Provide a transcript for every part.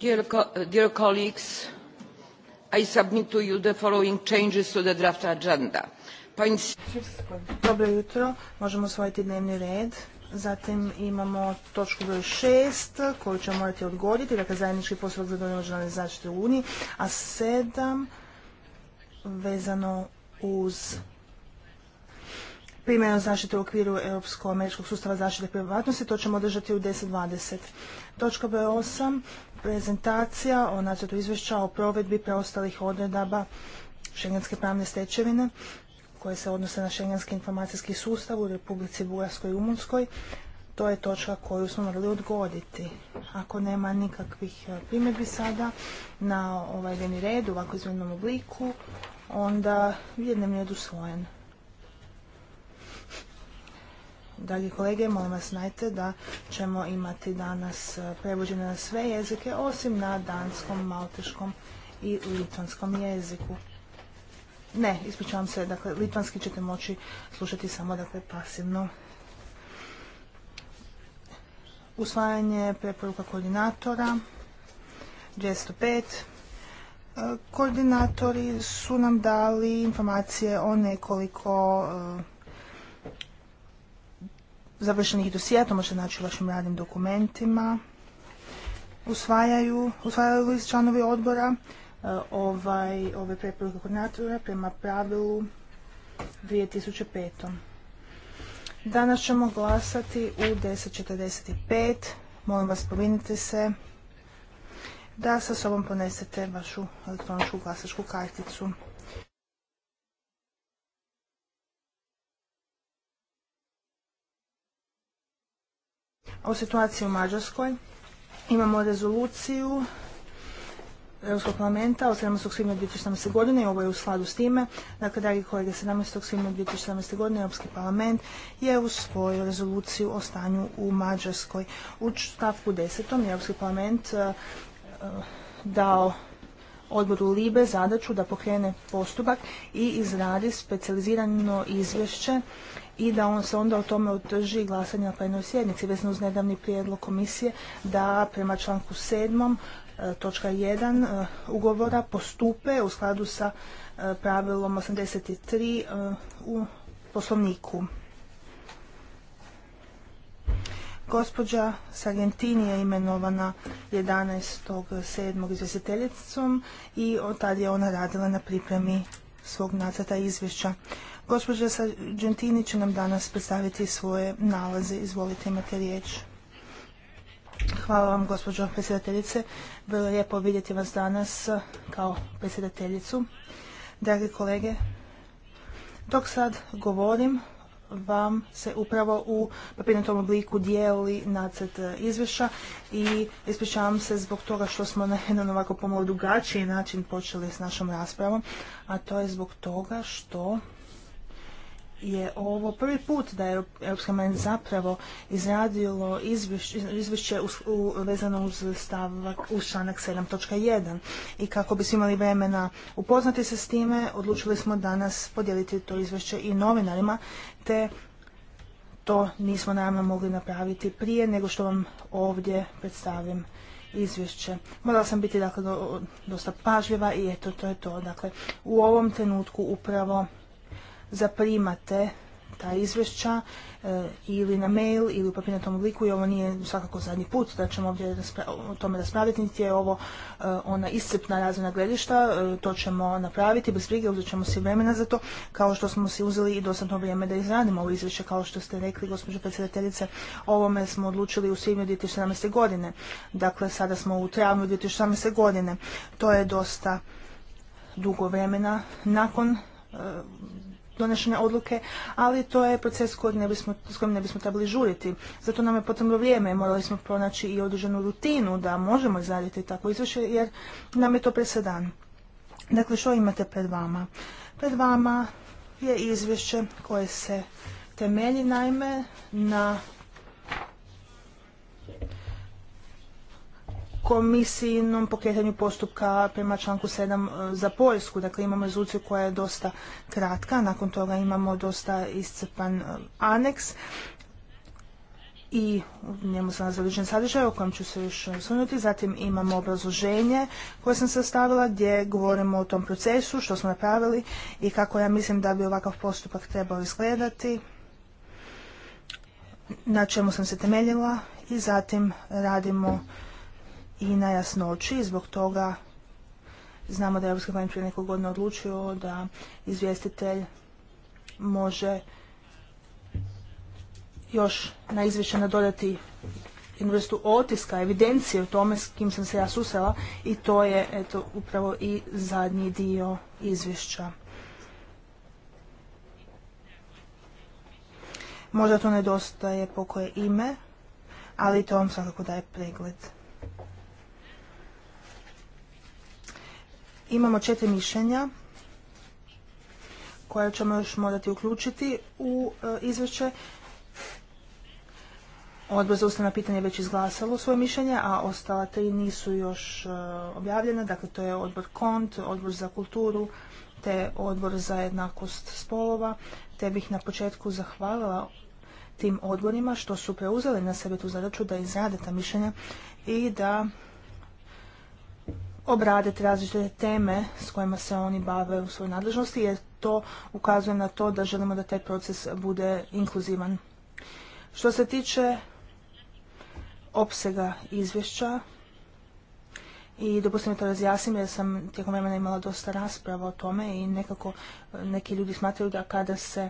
Dear, colleagues, I submit to you the following changes to the draft agenda. Point... Dobro jutro, možemo osvojiti dnevni red. Zatim imamo točku broj 6 koju ćemo morati odgoditi, dakle zajednički postupak za donođenje zaštite u Uniji, a 7 vezano uz primjena zaštite u okviru Europsko-američkog sustava zaštite privatnosti. To ćemo održati u 10.20. Točka broj 8. Prezentacija o nacrtu izvješća o provedbi preostalih odredaba šengenske pravne stečevine koje se odnose na šengenski informacijski sustav u Republici Bugarskoj i umunskoj To je točka koju smo morali odgoditi. Ako nema nikakvih e, primjedbi sada na ovaj dnevni red u ovakvom izmjenom obliku, onda je dnevni usvojen. Dragi kolege, molim vas znajte da ćemo imati danas e, prevođene na sve jezike, osim na danskom, malteškom i litvanskom jeziku. Ne, ispričavam se, dakle, litvanski ćete moći slušati samo, dakle, pasivno. Usvajanje preporuka koordinatora, 205, e, koordinatori su nam dali informacije o nekoliko e, završenih dosija, to možete naći u vašim radnim dokumentima, usvajaju, usvajaju članovi odbora e, ovaj, ove preporuke koordinatora prema pravilu 2005. Danas ćemo glasati u 10.45. Molim vas, povinite se da sa sobom ponesete vašu elektroničku glasačku karticu. o situaciji u Mađarskoj. Imamo rezoluciju Europskog parlamenta od 17. svibnja 2017. godine i ovo je u skladu s time. Dakle, dragi kolege, 17. svibnja 2017. godine Europski parlament je usvojio rezoluciju o stanju u Mađarskoj. U stavku 10. Europski parlament e, e, dao odboru Libe zadaću da pokrene postupak i izradi specijalizirano izvješće i da on se onda o tome održi glasanje na plenoj sjednici vezano uz nedavni prijedlog komisije da prema članku 7. E, točka 1 e, ugovora postupe u skladu sa e, pravilom 83 u poslovniku. Gospođa Sargentini je imenovana 11.7. izvjestiteljicom i od tada je ona radila na pripremi svog nacrta izvješća. Gospođa Sargentini će nam danas predstaviti svoje nalaze. Izvolite, imate riječ. Hvala vam, gospođo predsjedateljice. Vrlo je lijepo vidjeti vas danas eh, kao predsjedateljicu. Dragi kolege, dok sad govorim, vam se upravo u papirnatom obliku dijeli nacrt eh, izvješća i ispričavam se zbog toga što smo na jedan ovako pomalo drugačiji način počeli s našom raspravom, a to je zbog toga što je ovo prvi put da je Europska manj zapravo izradilo izvješće, vezano uz stavak, uz članak 7.1 i kako bismo imali vremena upoznati se s time, odlučili smo danas podijeliti to izvješće i novinarima, te to nismo naravno mogli napraviti prije nego što vam ovdje predstavim izvješće. Morala sam biti dakle, dosta pažljiva i eto, to je to. Dakle, u ovom trenutku upravo zaprimate ta izvješća eh, ili na mail ili u papirnatom obliku i ovo nije svakako zadnji put da ćemo ovdje o tome raspraviti, niti je ovo eh, ona iscrpna razvojna gledišta, eh, to ćemo napraviti bez brige, uzet ćemo si vremena za to, kao što smo si uzeli i dostatno vrijeme da izradimo ovo izvješće, kao što ste rekli, gospođo predsjedateljice, ovome smo odlučili u svibnju 2017. godine, dakle sada smo u travnju 2017. godine, to je dosta dugo vremena nakon donošenja odluke, ali to je proces s kojim ne bismo trebali žuriti. Zato nam je potrebno vrijeme, morali smo pronaći i određenu rutinu da možemo izraditi takvo izvješće jer nam je to presedan. Dakle, što imate pred vama? Pred vama je izvješće koje se temelji naime na komisijnom pokretanju postupka prema članku 7 e, za Poljsku. Dakle, imamo rezoluciju koja je dosta kratka, nakon toga imamo dosta iscrpan e, aneks i u njemu sam nalazi sadržaj o kojem ću se još osvrnuti. Zatim imamo obrazloženje koje sam sastavila gdje govorimo o tom procesu, što smo napravili i kako ja mislim da bi ovakav postupak trebao izgledati, na čemu sam se temeljila i zatim radimo i na jasnoći i zbog toga znamo da je Europski parlament prije nekog godina odlučio da izvjestitelj može još na izvješće nadodati jednu vrstu otiska, evidencije o tome s kim sam se ja susela i to je eto, upravo i zadnji dio izvješća. Možda to nedostaje pokoje ime, ali to vam svakako daje pregled. Imamo četiri mišljenja koje ćemo još morati uključiti u e, izvješće. Odbor za ustavna pitanja već izglasalo svoje mišljenje, a ostala tri nisu još e, objavljena. Dakle, to je odbor KONT, odbor za kulturu, te odbor za jednakost spolova, te bih na početku zahvalila tim odborima što su preuzeli na sebe tu zadaću da izrade ta mišljenja i da obraditi različite teme s kojima se oni bave u svojoj nadležnosti jer to ukazuje na to da želimo da taj proces bude inkluzivan. Što se tiče opsega izvješća i dopustim to razjasnim jer sam tijekom vremena imala dosta rasprava o tome i nekako neki ljudi smatraju da kada se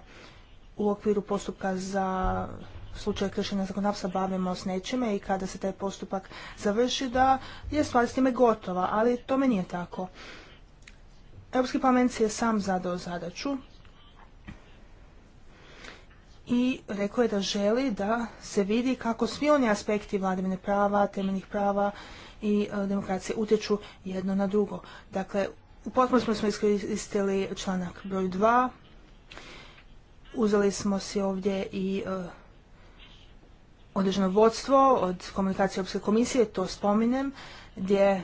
u okviru postupka za slučaju kršenja zakonodavstva bavimo s nečime i kada se taj postupak završi da je stvar s time gotova, ali tome nije tako. Europski parlament si je sam zadao zadaću i rekao je da želi da se vidi kako svi oni aspekti vladavine prava, temeljnih prava i e, demokracije utječu jedno na drugo. Dakle, u potpunosti smo iskoristili članak broj 2. Uzeli smo si ovdje i e, određeno vodstvo od komunikacije Europske komisije, to spominjem, gdje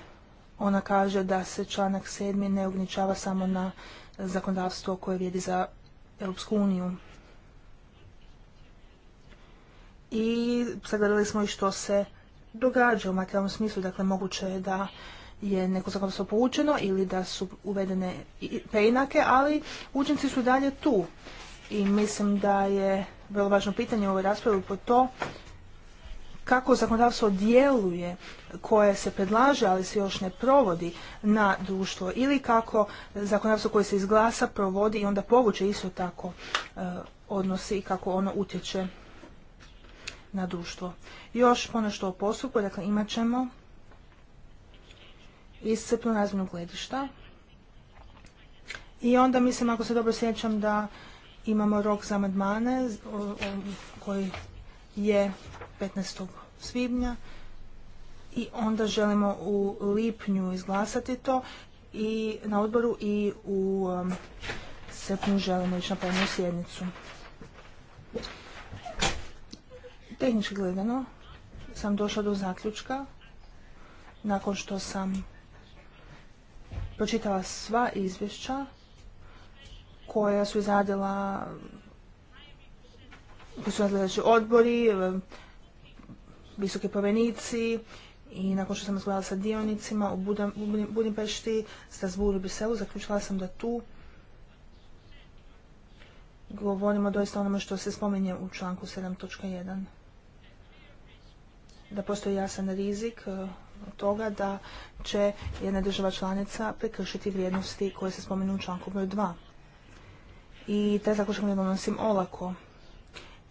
ona kaže da se članak 7. ne ograničava samo na zakonodavstvo koje vrijedi za Europsku uniju. I sagledali smo i što se događa u materijalnom smislu, dakle moguće je da je neko zakonodavstvo poučeno ili da su uvedene preinake, ali učinci su dalje tu. I mislim da je vrlo važno pitanje u ovoj raspravi po to kako zakonodavstvo djeluje koje se predlaže ali se još ne provodi na društvo ili kako zakonodavstvo koje se izglasa provodi i onda povuče isto tako e, odnosi i kako ono utječe na društvo. Još ponešto o postupku, dakle imat ćemo iscrpnu razminu gledišta i onda mislim ako se dobro sjećam da imamo rok za amandmane koji je 15. svibnja i onda želimo u lipnju izglasati to i na odboru i u um, srpnju želimo ići na plenarnu sjednicu. Tehnički gledano sam došla do zaključka nakon što sam pročitala sva izvješća koja su izradila koji su znači, odbori, e, visoki povenici i nakon što sam razgovarala sa dionicima u Budimpešti, Strasburu i Briselu, zaključila sam da tu govorimo doista onome što se spominje u članku 7.1. Da postoji jasan rizik e, toga da će jedna država članica prekršiti vrijednosti koje se spomenu u članku broj 2. I te zaključak ne donosim olako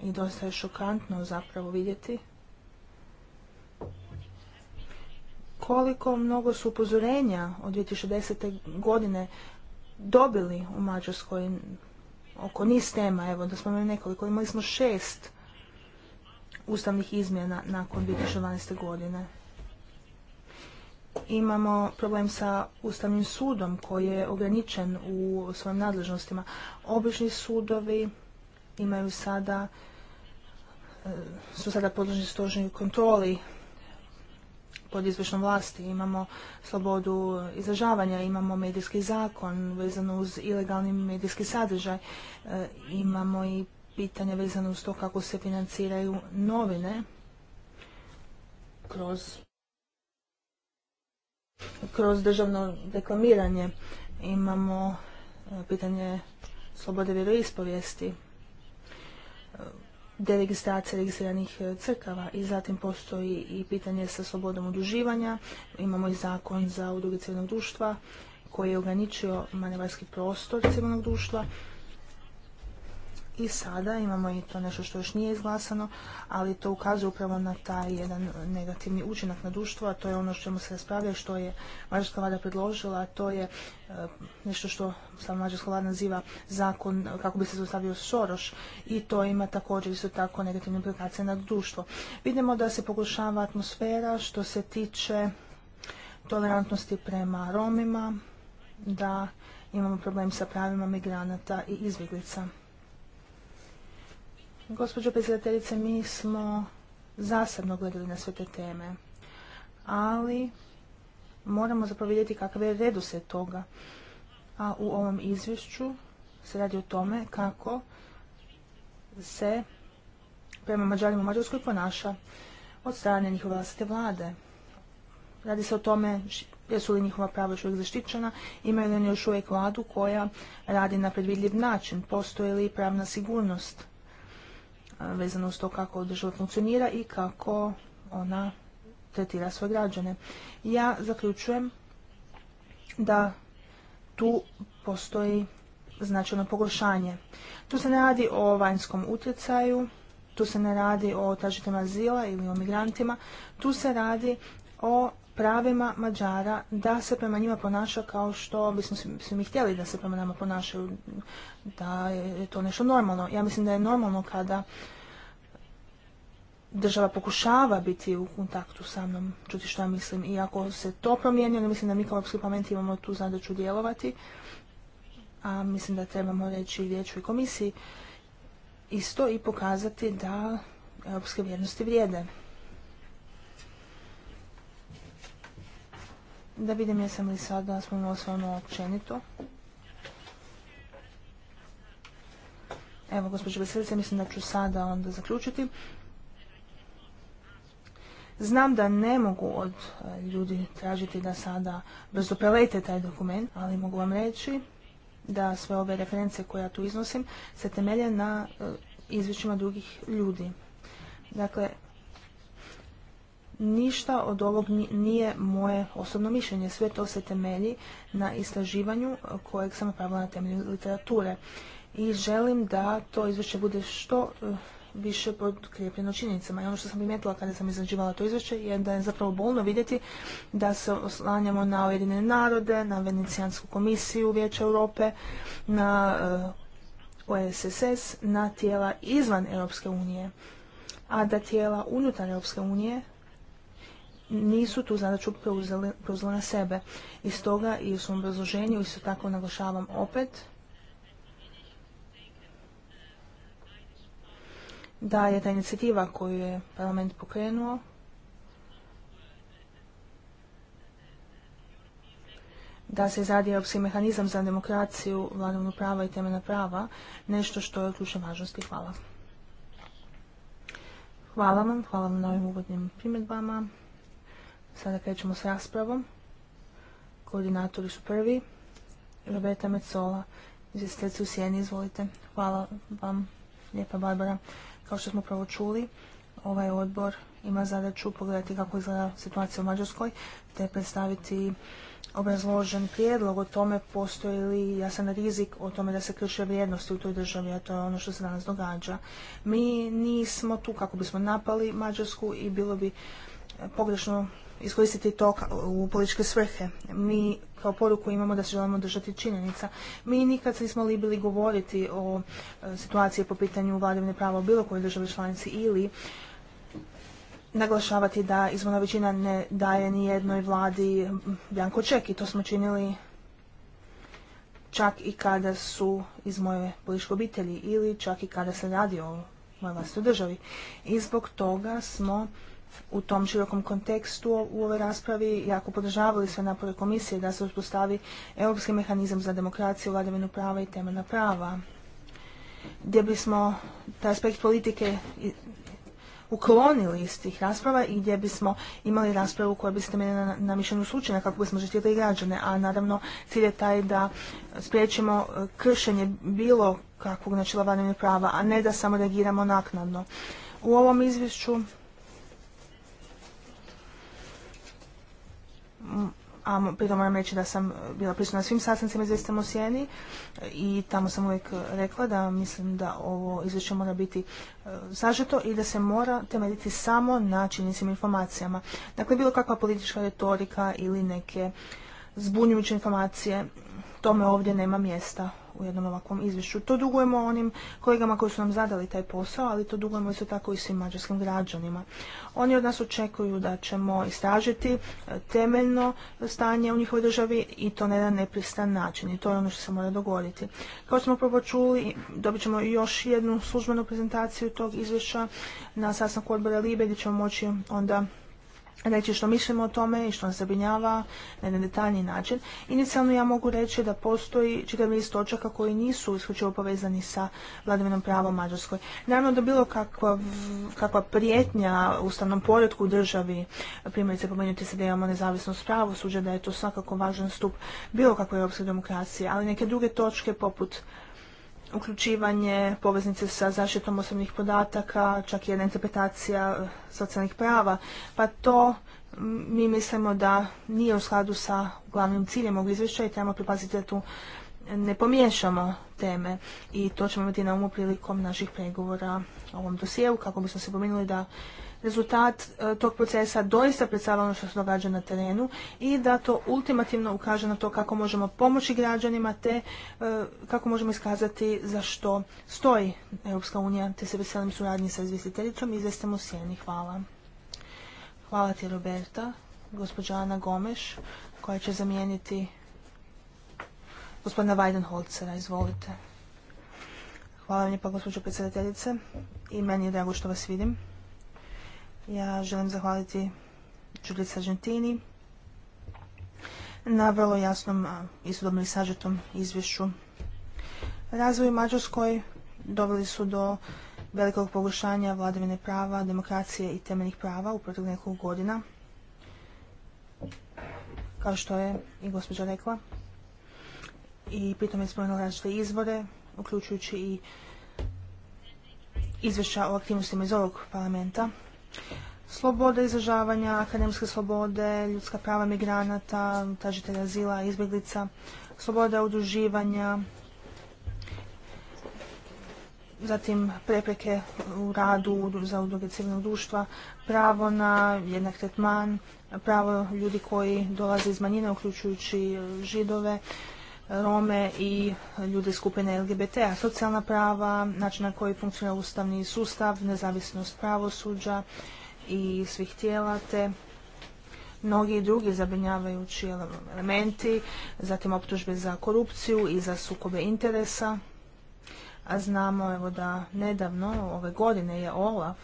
i dosta je šokantno zapravo vidjeti koliko mnogo su upozorenja od 2010. godine dobili u Mađarskoj oko niz tema, evo da smo imali nekoliko, imali smo šest ustavnih izmjena nakon 2012. godine. Imamo problem sa Ustavnim sudom koji je ograničen u svojim nadležnostima. Obični sudovi imaju sada Eh, su sada podložni stožnoj kontroli pod izvršnom vlasti, imamo slobodu izražavanja, imamo medijski zakon vezano uz ilegalni medijski sadržaj, eh, imamo i pitanje vezano uz to kako se financiraju novine kroz kroz državno deklamiranje. imamo eh, pitanje slobode vjeroispovijesti deregistracije registriranih e, crkava i zatim postoji i pitanje sa slobodom uduživanja, Imamo i zakon za udruge civilnog društva koji je ograničio manevarski prostor civilnog društva i sada imamo i to nešto što još nije izglasano, ali to ukazuje upravo na taj jedan negativni učinak na društvo, a to je ono što čemu se raspravlja i što je Mađarska vlada predložila, a to je e, nešto što sam Mađarska vlada naziva zakon e, kako bi se zaustavio Soroš i to ima također isto tako negativne implikacije na društvo. Vidimo da se pokušava atmosfera što se tiče tolerantnosti prema Romima, da imamo problem sa pravima migranata i izbjeglica. Gospođo predsjedateljice, mi smo zasebno gledali na sve te teme, ali moramo zapravo vidjeti kakav je se toga. A u ovom izvješću se radi o tome kako se prema Mađarima u Mađarskoj ponaša od strane njihove vlastite vlade. Radi se o tome jesu li njihova prava još uvijek zaštićena, imaju li oni još uvijek vladu koja radi na predvidljiv način, postoji li pravna sigurnost vezano uz to kako država funkcionira i kako ona tretira svoje građane. Ja zaključujem da tu postoji značajno pogoršanje. Tu se ne radi o vanjskom utjecaju, tu se ne radi o tražitima azila ili o migrantima, tu se radi o pravima Mađara da se prema njima ponaša kao što bismo svi mi htjeli da se prema nama ponašaju, da je to nešto normalno. Ja mislim da je normalno kada država pokušava biti u kontaktu sa mnom, čuti što ja mislim. I ako se to promijeni, onda mislim da mi kao Europski parlament imamo tu zadaću djelovati. A mislim da trebamo reći i vijeću i komisiji isto i pokazati da europske vrijednosti vrijede. da vidim jesam li sada smo sve ono općenito. Evo, gospođo Veselice, mislim da ću sada onda zaključiti. Znam da ne mogu od eh, ljudi tražiti da sada brzo taj dokument, ali mogu vam reći da sve ove reference koje ja tu iznosim se temelje na eh, izvješćima drugih ljudi. Dakle, ništa od ovog nije moje osobno mišljenje. Sve to se temelji na istraživanju kojeg sam napravila na temelju literature. I želim da to izvješće bude što eh, više podkrijepljeno činjenicama. I ono što sam primijetila kada sam izrađivala to izvješće je da je zapravo bolno vidjeti da se oslanjamo na Ujedine narode, na Venecijansku komisiju Vijeća Europe, na eh, OSSS, na tijela izvan Europske unije, a da tijela unutar Europske unije nisu tu zadaću preuzeli, na sebe. I stoga i u svom obrazloženju isto tako naglašavam opet da je ta inicijativa koju je parlament pokrenuo da se izradi europski mehanizam za demokraciju, vladavnu prava i temeljna prava, nešto što je od ključne važnosti. Hvala. Hvala vam, hvala vam na ovim uvodnim primjedbama. Sada krećemo s raspravom. Koordinatori su prvi. Roberta Mecola, izvjestiteljica u Sjeni, izvolite. Hvala vam, lijepa Barbara. Kao što smo pravo čuli, ovaj odbor ima zadaću pogledati kako izgleda situacija u Mađarskoj, te predstaviti obrazložen prijedlog o tome postoji li jasan rizik o tome da se krše vrijednosti u toj državi, a to je ono što se danas događa. Mi nismo tu kako bismo napali Mađarsku i bilo bi pogrešno iskoristiti to u političke svrhe. Mi kao poruku imamo da se želimo držati činjenica. Mi nikad se nismo libili govoriti o e, situaciji po pitanju vladavine prava u bilo kojoj državi članici ili naglašavati da izvona većina ne daje ni jednoj vladi bjanko ček i to smo činili čak i kada su iz moje političke obitelji ili čak i kada se radi o mojoj vlastitoj državi. I zbog toga smo u tom širokom kontekstu u ovoj raspravi jako podržavali sve napore komisije da se uspostavi europski mehanizam za demokraciju, vladavinu prava i temeljna prava, gdje bismo taj aspekt politike uklonili iz tih rasprava i gdje bismo imali raspravu koja bi se temeljena na, mišljenju slučajna kako bismo zaštitili građane, a naravno cilj je taj da spriječimo e, kršenje bilo kakvog načela vladavine prava, a ne da samo reagiramo naknadno. U ovom izvješću a pritom moram reći da sam bila prisutna na svim sastancima izvjestama u Sjeni e, i tamo sam uvijek rekla da mislim da ovo izvješće mora biti e, sažeto i da se mora temeljiti samo na činjenicim informacijama. Dakle, bilo kakva politička retorika ili neke zbunjujuće informacije, tome ovdje nema mjesta u jednom ovakvom izvješću. To dugujemo onim kolegama koji su nam zadali taj posao, ali to dugujemo isto tako i svim mađarskim građanima. Oni od nas očekuju da ćemo istražiti e, temeljno stanje u njihovoj državi i to na jedan nepristan način i to je ono što se mora dogoditi. Kao što smo prvo čuli, dobit ćemo još jednu službenu prezentaciju tog izvješća na sastanku odbora Libe gdje ćemo moći onda reći što mislimo o tome i što nas zabrinjava na jedan detaljni način. Inicijalno ja mogu reći da postoji čitav niz točaka koji nisu isključivo povezani sa vladavinom pravom Mađarskoj. Naravno da bilo kakva, kakva prijetnja ustavnom poredku u državi, primjerice pomenuti se da imamo nezavisnost pravosuđa, da je to svakako važan stup bilo kakve europske demokracije, ali neke druge točke poput uključivanje poveznice sa zaštitom osobnih podataka, čak i jedna interpretacija eh, socijalnih prava, pa to mm, mi mislimo da nije u skladu sa glavnim ciljem ovog izvješća i trebamo pripaziti da tu ne pomiješamo teme i to ćemo imati na umu prilikom naših pregovora o ovom dosjeu kako bismo se pomenuli da rezultat e, tog procesa doista predstavlja ono što se događa na terenu i da to ultimativno ukaže na to kako možemo pomoći građanima te e, kako možemo iskazati za što stoji Europska unija te se veselim suradnji sa izvjestiteljicom i izvjestem u sjeni. Hvala. Hvala ti Roberta, gospođa Ana Gomeš koja će zamijeniti gospodina Weidenholzera. Izvolite. Hvala vam lijepa gospođo predsjedateljice i meni je drago što vas vidim. Ja želim zahvaliti Đulica Argentini na vrlo jasnom sudobno i sažetom izvješću. Razvoj u Mađarskoj doveli su do velikog pogušanja vladavine prava, demokracije i temeljnih prava u proteklih nekoliko godina. Kao što je i gospođa rekla. I pritom je spomenula različite izvore, uključujući i izvješća o aktivnostima iz ovog parlamenta Slobode izražavanja, akademske slobode, ljudska prava migranata, tražitelja azila, izbjeglica, sloboda udruživanja, zatim prepreke u radu za udruge civilnog društva, pravo na jednak tretman, pravo ljudi koji dolaze iz manjine, uključujući židove, Rome i ljude skupine LGBT-a, socijalna prava, način na koji funkcionira ustavni sustav, nezavisnost pravosuđa i svih tijela, te mnogi drugi zabrinjavajući elementi, zatim optužbe za korupciju i za sukobe interesa. A znamo evo da nedavno, ove godine je OLAF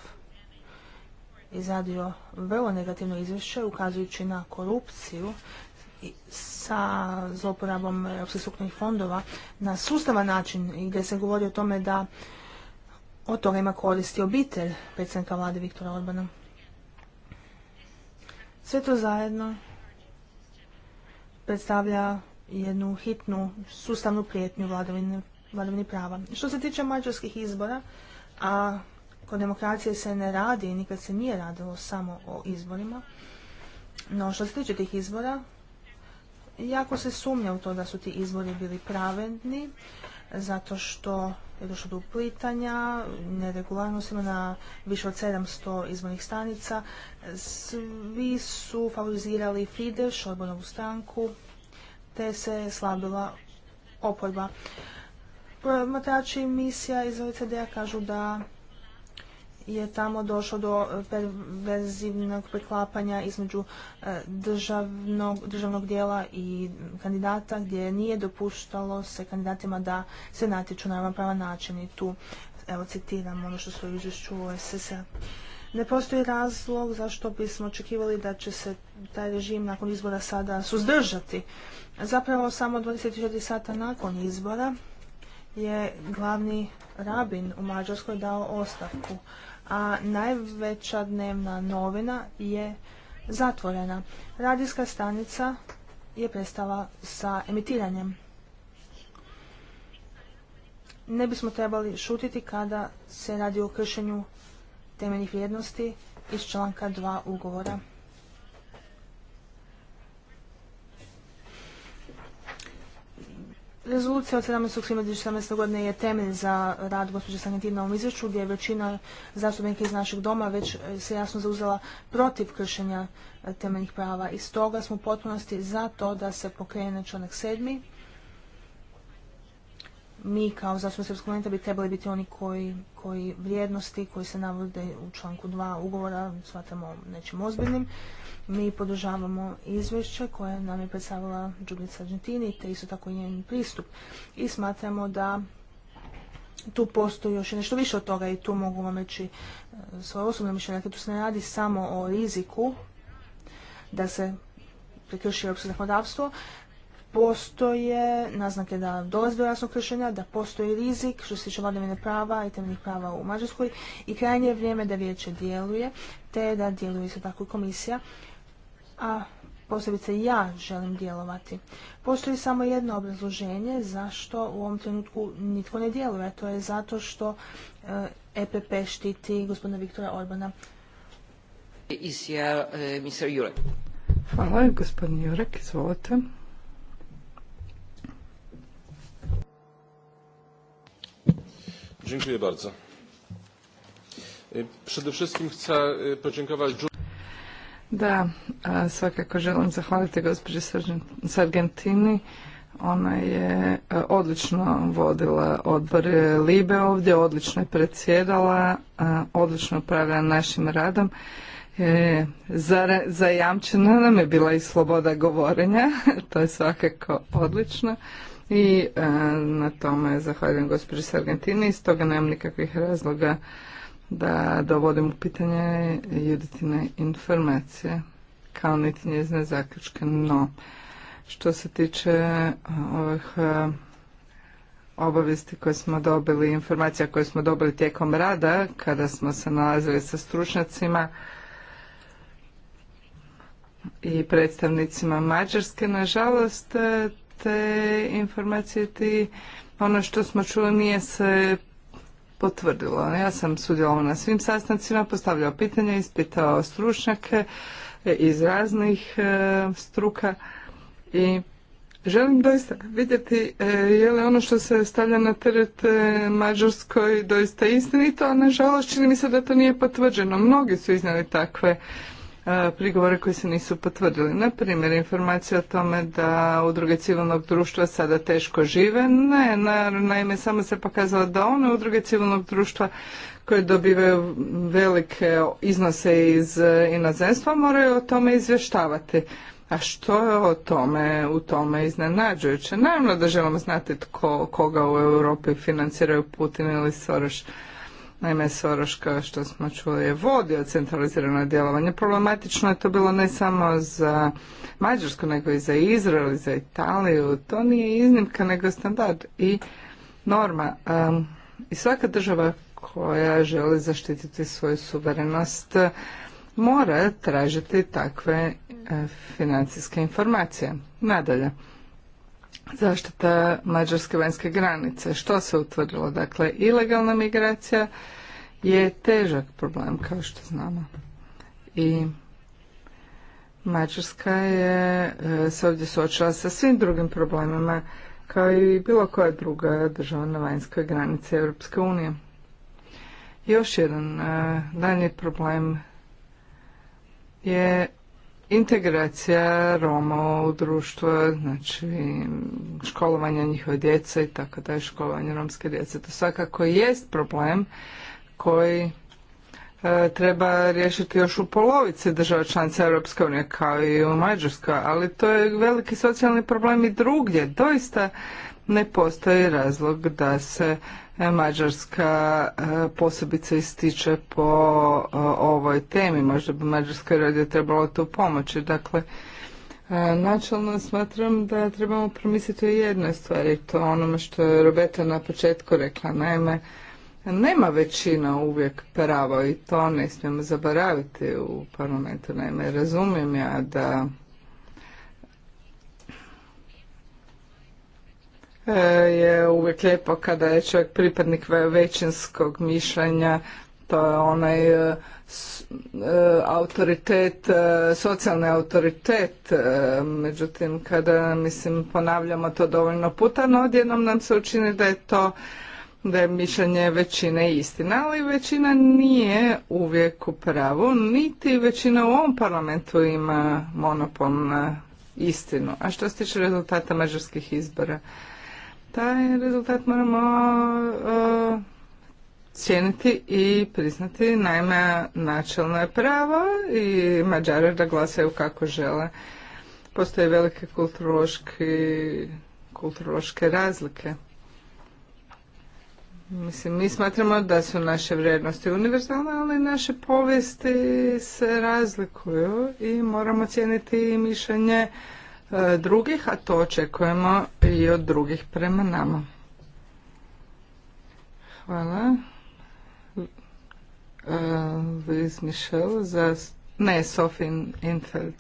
izradio vrlo negativno izvješće ukazujući na korupciju sa zoporabom europskih strukturnih fondova na sustavan način i gdje se govori o tome da od toga ima koristi obitelj predsjednika vlade Viktora Orbana. Sve to zajedno predstavlja jednu hitnu sustavnu prijetnju vladavini prava. Što se tiče mađarskih izbora, a kod demokracije se ne radi i nikad se nije radilo samo o izborima, no što se tiče tih izbora, jako se sumnja u to da su ti izvori bili pravedni, zato što je došlo do uplitanja, neregularnostima na više od 700 izvornih stanica. Svi su favorizirali Fidesz, odbornovu stranku, te se slabila oporba. Promatrači misija iz OECD-a kažu da je tamo došlo do e, perverzivnog preklapanja između e, državnog, dijela i kandidata gdje nije dopuštalo se kandidatima da se natječu na ravnopravan način i tu evo citiram ono što su u izvješću oss Ne postoji razlog zašto bismo očekivali da će se taj režim nakon izbora sada suzdržati. Zapravo samo 24 sata nakon izbora je glavni rabin u Mađarskoj dao ostavku a najveća dnevna novina je zatvorena. Radijska stanica je prestala sa emitiranjem. Ne bismo trebali šutiti kada se radi o kršenju temeljnih vrijednosti iz članka 2 ugovora. Rezolucija od 17. svima 2017. godine je temelj za rad gospođe Sangetina u ovom izvješću gdje je većina zastupnika iz našeg doma već e, se jasno zauzela protiv kršenja e, temeljnih prava. I stoga smo u potpunosti za to da se pokrene članak sedmi. Mi kao zastupnika Srpskog momenta bi trebali biti oni koji, vrijednosti koji se navode u članku dva ugovora smatramo nečim ozbiljnim mi podržavamo izvješće koje nam je predstavila Đugnica Argentini, te isto tako i njen pristup. I smatramo da tu postoji još nešto više od toga i tu mogu vam reći e, svoje osobno mišljenje. Dakle, tu se ne radi samo o riziku da se prekrši europsko zakonodavstvo, postoje naznake da dolazi do jasnog kršenja, da postoji rizik što se tiče vladavine prava i temeljnih prava u Mađarskoj i krajnje je vrijeme da vijeće djeluje, te da djeluje se tako i komisija a posebice ja želim djelovati. Postoji samo jedno obrazloženje zašto u ovom trenutku nitko ne djeluje. To je zato što EPP eh, e štiti gospodina Viktora Orbana. Uh, uh, Hvala, gospodin Jurek, izvolite. Dziękuję bardzo. E, przede wszystkim chcę e, podziękować da, svakako želim zahvaliti gospođi Sargentini. Ona je odlično vodila odbor e, Libe ovdje, odlično je predsjedala, odlično upravljala našim radom. E, zajamčena nam je bila i sloboda govorenja, to je svakako odlično. I e, na tome zahvaljujem gospođi Sargentini, iz toga nemam nikakvih razloga da dovodim u pitanje juditine informacije kao niti njezine zaključke. No, što se tiče uh, ovih uh, obavijesti koje smo dobili, informacija koje smo dobili tijekom rada, kada smo se nalazili sa stručnjacima i predstavnicima Mađarske, nažalost, te informacije ti ono što smo čuli nije se potvrdilo. Ja sam sudjelovao na svim sastancima, postavljao pitanja, ispitao stručnjake iz raznih e, struka i Želim doista vidjeti e, je li ono što se stavlja na teret e, Mađarskoj doista istinito, a nažalost čini mi se da to nije potvrđeno. Mnogi su iznijeli takve E, prigovore koji se nisu potvrdili. Na primjer, informacija o tome da udruge civilnog društva sada teško žive. Ne, naime, samo se pokazalo da one udruge civilnog društva koje dobivaju velike iznose iz e, inozemstva moraju o tome izvještavati. A što je o tome, u tome iznenađujuće? Naravno da želimo znati tko, koga u Europi financiraju Putin ili Soros. Naime, Soroška, što smo čuli, je vodio centralizirano djelovanje. Problematično je to bilo ne samo za Mađarsku, nego i za Izrael, i za Italiju. To nije iznimka, nego standard i norma. I svaka država koja želi zaštititi svoju suverenost mora tražiti takve e, financijske informacije. Nadalje, zaštita mađarske vanjske granice. Što se utvrdilo? Dakle, ilegalna migracija je težak problem, kao što znamo. I Mađarska je e, se ovdje suočila sa svim drugim problemima, kao i bilo koja druga država na vanjskoj granici Europske unije. Još jedan e, daljnji problem je integracija Roma u društvo, znači školovanje njihove djece i tako da je školovanje romske djece. To svakako jest problem koji e, treba riješiti još u polovici država članica Europske unije kao i u Mađarskoj, ali to je veliki socijalni problem i drugdje. Doista ne postoji razlog da se E, Mađarska e, posebice ističe po e, ovoj temi. Možda bi Mađarska radije trebalo tu pomoći. Dakle, načelno smatram da trebamo promisliti o jednoj stvari, to onome što je Roberta na početku rekla. Naime, nema većina uvijek pravo i to ne smijemo zaboraviti u parlamentu. Naime, razumijem ja da E, je uvijek lijepo kada je čovjek pripadnik većinskog mišljenja, to je onaj e, e, autoritet, socijalni autoritet, međutim kada mislim ponavljamo to dovoljno puta, no odjednom nam se učini da je to da je mišljenje većine istina, ali većina nije uvijek u pravu, niti većina u ovom parlamentu ima monopol na istinu. A što se tiče rezultata mađarskih izbora, taj rezultat moramo e, cijeniti i priznati. Naime, načelno je pravo i Mađare da glasaju kako žele. Postoje velike kulturološke razlike. Mislim, mi smatramo da su naše vrijednosti univerzalne, ali naše povijesti se razlikuju i moramo cijeniti i mišljenje E, drugih, a to očekujemo i od drugih prema nama. Hvala. E, Liz Michel za... Ne, Sofin Infeld.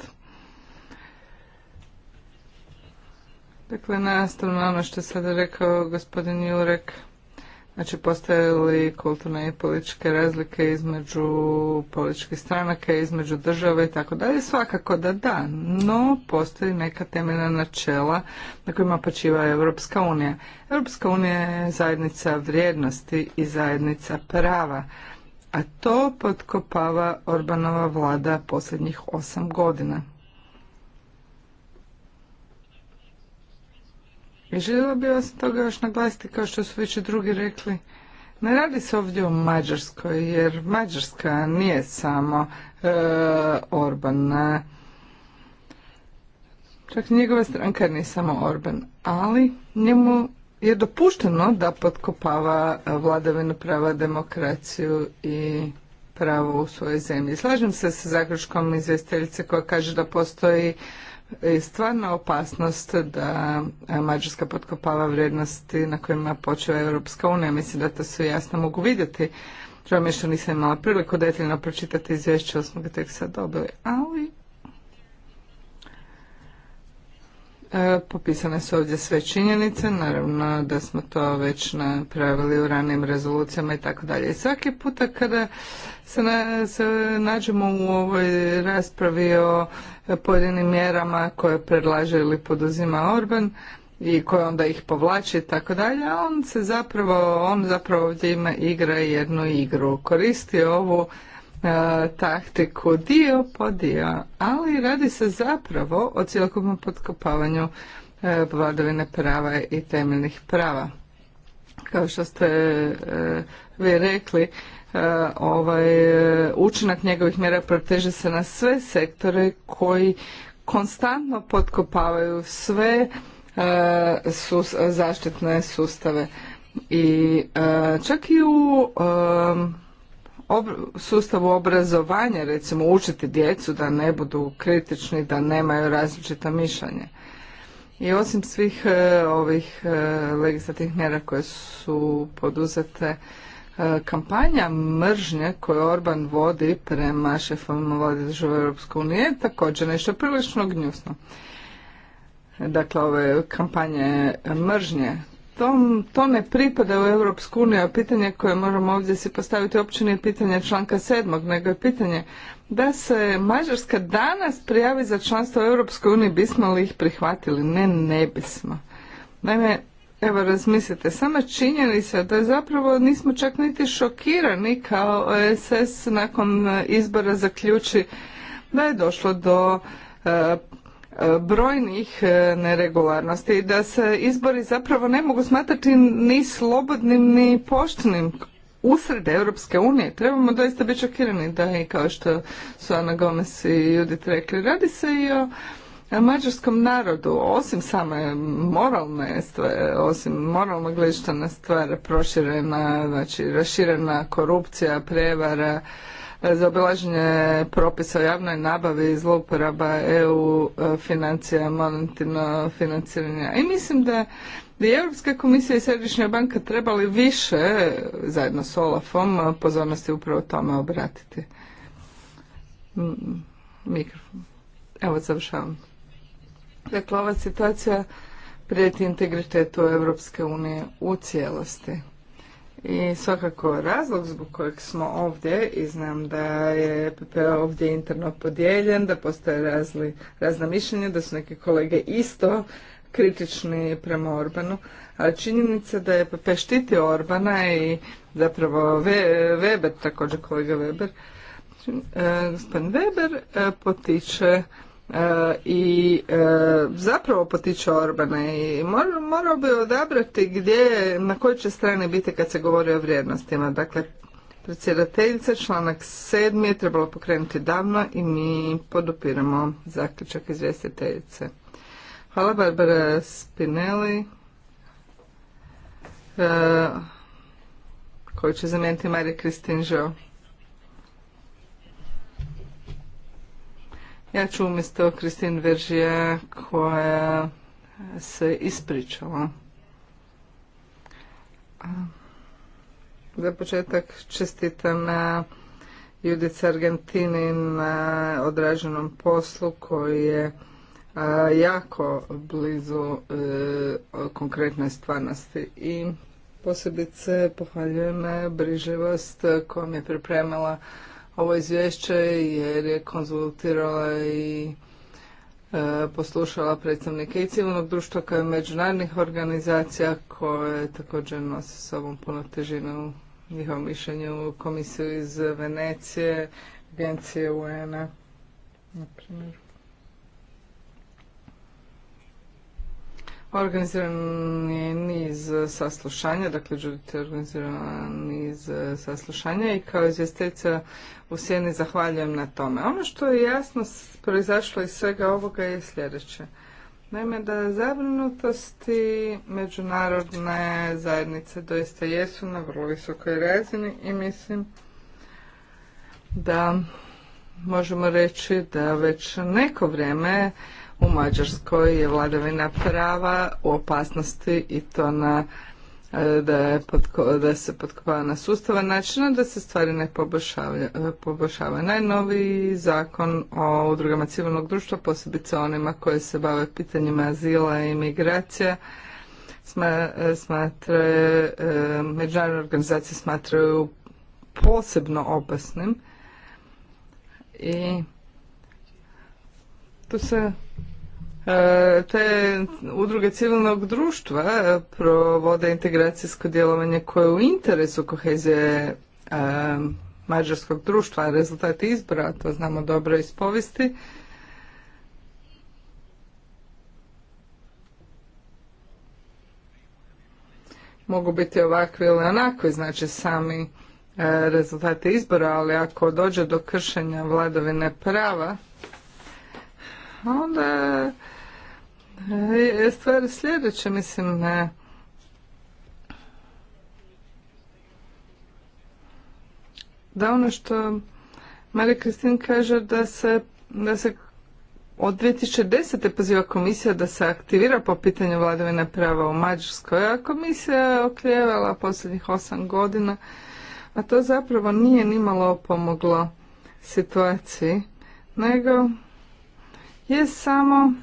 Dakle, nastavno ono što je sada rekao gospodin Jurek. Znači, postoje li kulturne i političke razlike između političkih stranaka, između države i tako dalje? Svakako da da, no postoji neka temeljna načela na kojima počiva Europska unija. Europska unija je zajednica vrijednosti i zajednica prava, a to potkopava Orbanova vlada posljednjih osam godina. Željela bih vas toga još naglasiti kao što su već i drugi rekli. Ne radi se ovdje o Mađarskoj jer Mađarska nije samo e, Orban. Čak njegova stranka nije samo Orban, ali njemu je dopušteno da potkopava vladavinu prava, demokraciju i pravo u svojoj zemlji. Slažem se sa Zagreškom izvjestiteljice koja kaže da postoji E, stvarna opasnost da e, Mađarska potkopava vrijednosti na kojima počeva Europska unija. Mislim da to se jasno mogu vidjeti. Žao mi je što nisam imala priliku detaljno pročitati izvješće, ali smo ga tek sad dobili. Ali E, popisane su ovdje sve činjenice, naravno da smo to već napravili u ranim rezolucijama i tako dalje. I svaki puta kada se, nađemo u ovoj raspravi o pojedinim mjerama koje predlaže ili poduzima Orban i koje onda ih povlači i tako dalje, on se zapravo, on zapravo ovdje ima igra jednu igru. Koristi ovu E, taktiku dio po dio, ali radi se zapravo o cjelokupnom potkopavanju e, vladavine prava i temeljnih prava. Kao što ste e, vi rekli, ovaj učinak njegovih mjera proteže se na sve sektore koji konstantno potkopavaju sve zaštitne sustave. I čak i u sustavu obrazovanja, recimo učiti djecu da ne budu kritični, da nemaju različita mišljenja. I osim svih e, ovih e, legislativnih mjera koje su poduzete, e, kampanja mržnje koju Orban vodi prema šefom vlade države Europske unije također nešto prilično gnjusno. Dakle, ove kampanje mržnje tom, to ne pripada u Europsku uniju, a pitanje koje moramo ovdje si postaviti uopće nije pitanje članka sedmog, nego je pitanje da se Mađarska danas prijavi za članstvo u Europskoj uniji, bismo li ih prihvatili? Ne, ne bismo. Naime, evo razmislite, sama činjenica da zapravo nismo čak niti šokirani kao SS nakon izbora zaključi da je došlo do e, brojnih e, neregularnosti i da se izbori zapravo ne mogu smatrati ni slobodnim ni poštenim usred Europske unije. Trebamo doista biti šokirani da i kao što su Ana Gomes i Judith rekli, radi se i o mađarskom narodu, osim same moralne stvari, osim moralno gledišta na proširena, znači raširena korupcija, prevara, za obilaženje propisa o javnoj nabavi i zlouporaba EU e, financija, monetarno financiranja. I mislim da je Europska komisija i Središnja banka trebali više, zajedno s Olafom, pozornosti upravo tome obratiti. Mikrofon. Evo, završavam. Dakle, ova situacija prijeti integritetu Europske unije u cijelosti. I svakako razlog zbog kojeg smo ovdje i znam da je EPP ovdje interno podijeljen, da postoje razli, razna mišljenja, da su neke kolege isto kritični prema Orbanu, ali činjenica da je EPP štiti Orbana i zapravo Weber, također kolega Weber, e, gospodin Weber e, potiče i e, zapravo potiče Orbana i morao, bi odabrati gdje, na kojoj će strani biti kad se govori o vrijednostima. Dakle, predsjedateljica članak 7 je trebalo pokrenuti davno i mi podupiramo zaključak izvjestiteljice. Hvala Barbara Spinelli e, koju će zamijeniti Marija Kristinžo. Ja ću umjesto Kristin Veržije koja se ispričala. Za početak čestitam judice Argentini na odraženom poslu koji je jako blizu e, konkretne stvarnosti i posebice pohvaljujem e, brižljivost kojom je pripremila ovo izvješće jer je konzultirala i e, poslušala predstavnike i civilnog društva kao i međunarodnih organizacija koje također s sobom puno težinu u njihovom mišljenju komisiju iz Venecije, agencije UN-a, na Organiziran je niz saslušanja, dakle Judith je organizirala niz e, saslušanja i kao izvjestica u Sjeni zahvaljujem na tome. Ono što je jasno proizašlo iz svega ovoga je sljedeće. Naime, da zabrinutosti međunarodne zajednice doista jesu na vrlo visokoj razini i mislim da možemo reći da već neko vrijeme u Mađarskoj je vladavina prava u opasnosti i to na e, da, da se potkopava na sustava način, da se stvari ne e, poboljšavaju. Najnoviji zakon o udrugama civilnog društva, posebice onima koji se bave pitanjima azila i migracija, sma, e, smatra, međunarodne organizacije smatraju posebno opasnim i tu se E, te udruge civilnog društva e, provode integracijsko djelovanje koje je u interesu kohezije e, mađarskog društva, rezultati izbora, to znamo dobro iz povijesti, mogu biti ovakvi ili onakvi, znači sami rezultati izbora, ali ako dođe do kršenja vladovine prava, onda E, stvar sljedeće, mislim, da ono što Marija Kristin kaže da se, da se od 2010. poziva komisija da se aktivira po pitanju vladavine prava u Mađarskoj, a komisija je okljevala posljednjih osam godina, a to zapravo nije nimalo pomoglo situaciji, nego je samo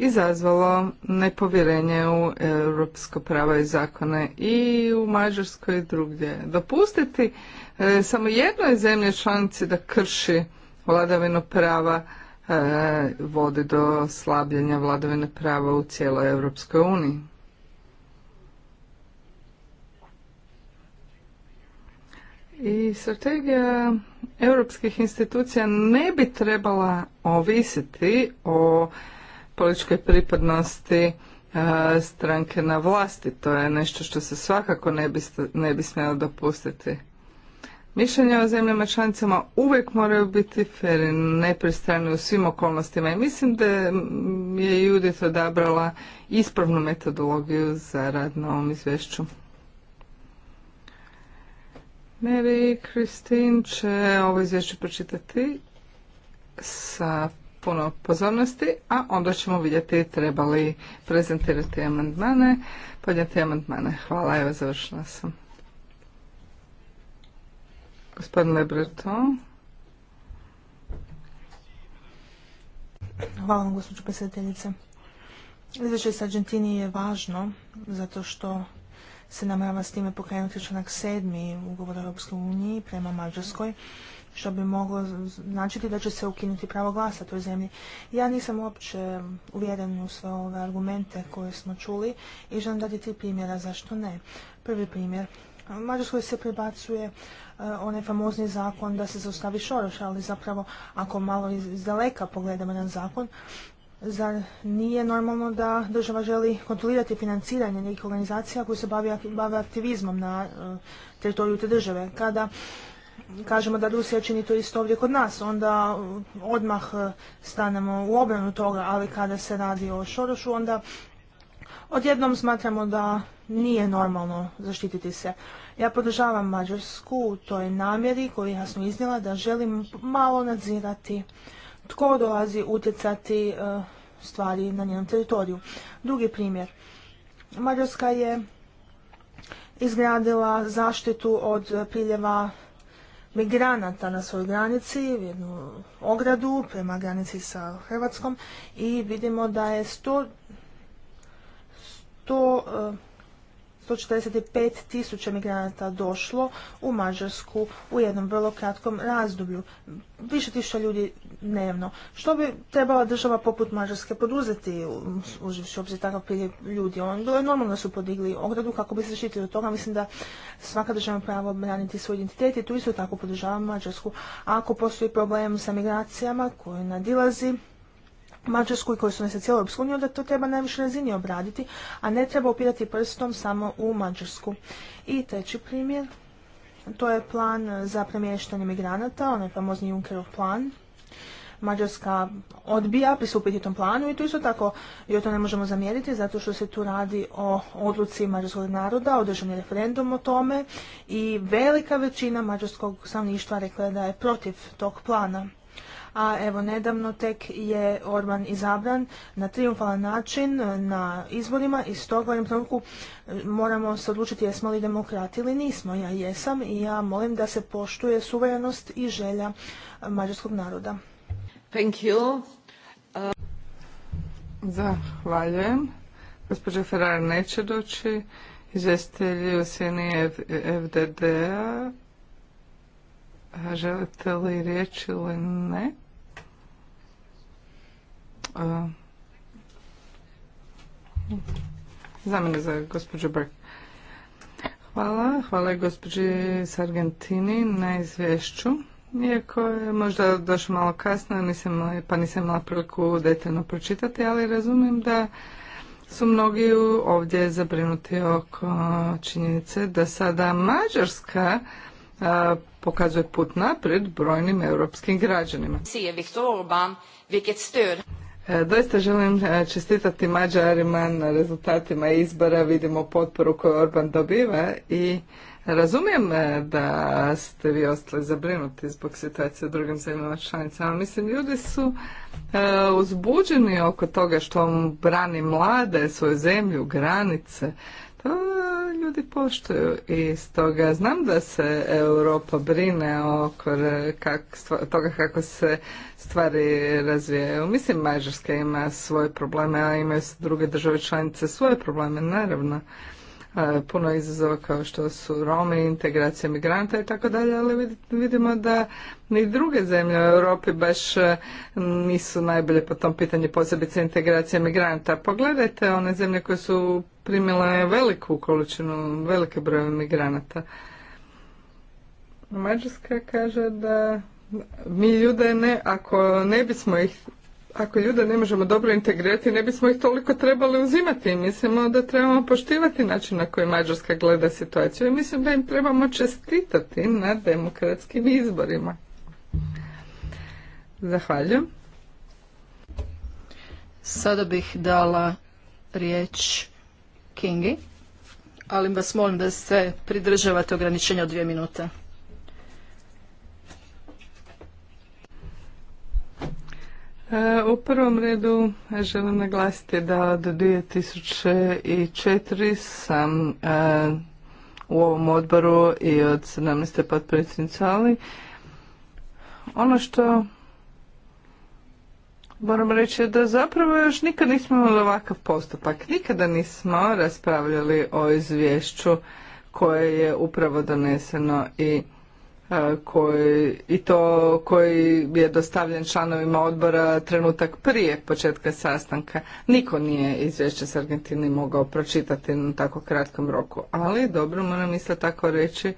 izazvalo nepovjerenje u europsko pravo i zakone i u Mađarskoj i drugdje. Dopustiti e, samo jednoj zemlji članici da krši vladavinu prava e, vodi do slabljenja vladavine prava u cijeloj Europskoj uniji. I strategija europskih institucija ne bi trebala ovisiti o političke pripadnosti e, stranke na vlasti. To je nešto što se svakako ne bi, ne smjelo dopustiti. Mišljenja o zemljama članicama uvijek moraju biti fer i nepristrani u svim okolnostima i mislim da je Judith odabrala ispravnu metodologiju za rad na ovom izvješću. Mary Christine će ovo izvješće pročitati sa puno pozornosti, a onda ćemo vidjeti treba li prezentirati amandmane, podnijeti amandmane. Hvala, evo završila sam. Gospodin Lebreto. Hvala vam, gospođo predsjedateljice. Izvješće s Argentini je važno zato što se namrava s time pokrenuti članak 7. ugovora Europske uniji prema Mađarskoj, što bi moglo značiti da će se ukinuti pravo glasa toj zemlji. Ja nisam uopće uvjeren u sve ove argumente koje smo čuli i želim dati tri primjera zašto ne. Prvi primjer. U Mađarskoj se prebacuje e, onaj famozni zakon da se zaustavi Šoroš, ali zapravo ako malo iz daleka pogledamo na zakon, Zar nije normalno da država želi kontrolirati financiranje nekih organizacija koji se bave aktivizmom na e, teritoriju te države? Kada kažemo da Rusija čini to isto ovdje kod nas, onda odmah e, stanemo u obranu toga, ali kada se radi o Šorošu, onda odjednom smatramo da nije normalno zaštititi se. Ja podržavam Mađarsku u toj namjeri koju je jasno iznijela da želim malo nadzirati tko dolazi utjecati e, stvari na njenom teritoriju. Drugi primjer. Mađarska je izgradila zaštitu od priljeva migranata na svojoj granici, jednu ogradu prema granici sa Hrvatskom i vidimo da je 100, 100 145 tisuća migranata došlo u Mađarsku u jednom vrlo kratkom razdoblju. Više tisuća ljudi dnevno. Što bi trebala država poput Mađarske poduzeti, uživši obzir takav prije ljudi? On, bilo je normalno da su podigli ogradu kako bi se zaštitili od toga. Mislim da svaka država ima pravo braniti svoj identitet i tu isto tako podržavam Mađarsku. Ako postoji problem sa migracijama koji nadilazi Mađarsku i koji su se cijelu Europsku uniju, onda to treba na najvišoj razini obraditi, a ne treba upirati prstom samo u Mađarsku. I treći primjer, to je plan za premještanje migranata, onaj famozni Junckerov plan. Mađarska odbija pristupiti tom planu i to isto tako joj to ne možemo zamjeriti zato što se tu radi o odluci mađarskog naroda, održan referendum o tome i velika većina mađarskog stanovništva rekla je da je protiv tog plana a evo nedavno tek je Orban izabran na triumfalan način na izborima i stoga u ovom trenutku e, moramo se odlučiti jesmo li demokrati ili nismo. Ja jesam i ja molim da se poštuje suverenost i želja mađarskog naroda. Thank you. Uh, Zahvaljujem. Gospođa Ferrara neće doći. Izvjestitelji u sjeni FDD-a Želite li riječ ili ne? mene, za gospođu brk Hvala. Hvala gospođi Sargentini na izvješću. Iako je možda došlo malo kasno, pa nisam imala priliku detaljno pročitati, ali razumijem da su mnogi ovdje zabrinuti oko činjenice da sada Mađarska pokazuje put naprijed brojnim europskim građanima. E, doista želim e, čestitati Mađarima na rezultatima izbora, vidimo potporu koju Orban dobiva i razumijem e, da ste vi ostali zabrinuti zbog situacije u drugim zemljama članicama. Mislim, ljudi su uzbuđeni oko toga što brani mlade, svoju zemlju, granice. To pa, ljudi poštuju i stoga znam da se Europa brine oko kak, toga kako se stvari razvijaju. Mislim, Mađarska ima svoje probleme, a imaju druge države članice svoje probleme, naravno. E, puno izazova kao što su Romi, integracija migranta i tako dalje, ali vidimo da ni druge zemlje u Europi baš e, nisu najbolje po tom pitanju posebice integracija migranta. Pogledajte one zemlje koje su primile veliku količinu, velike broje migranata. Mađarska kaže da mi ljude ne, ako ne bismo ih ako ljude ne možemo dobro integrirati, ne bismo ih toliko trebali uzimati. Mislimo da trebamo poštivati način na koji Mađarska gleda situaciju i mislim da im trebamo čestitati na demokratskim izborima. Zahvaljujem. Sada bih dala riječ Kingi, ali vas molim da se pridržavate ograničenja od dvije minute. U prvom redu želim naglasiti da od 2004 sam e, u ovom odboru i od 17. potpredsjednice ali ono što moram reći da zapravo još nikad nismo imali ovakav postupak. Nikada nismo raspravljali o izvješću koje je upravo doneseno i koji, i to koji je dostavljen članovima odbora trenutak prije početka sastanka. Niko nije izvješće s Argentini mogao pročitati na tako kratkom roku, ali dobro moram isto tako reći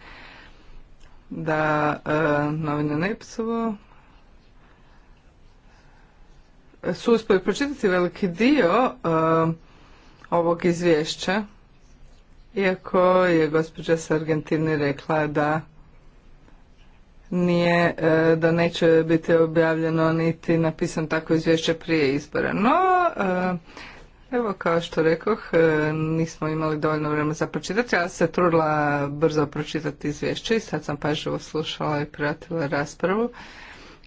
da e, novine Nepsovo su uspjeli pročitati veliki dio e, ovog izvješća, iako je gospođa s Argentini rekla da nije e, da neće biti objavljeno niti napisan tako izvješće prije izbora. No, e, evo kao što rekoh, e, nismo imali dovoljno vremena za pročitati. Ja se trudila brzo pročitati izvješće i sad sam pažljivo slušala i pratila raspravu.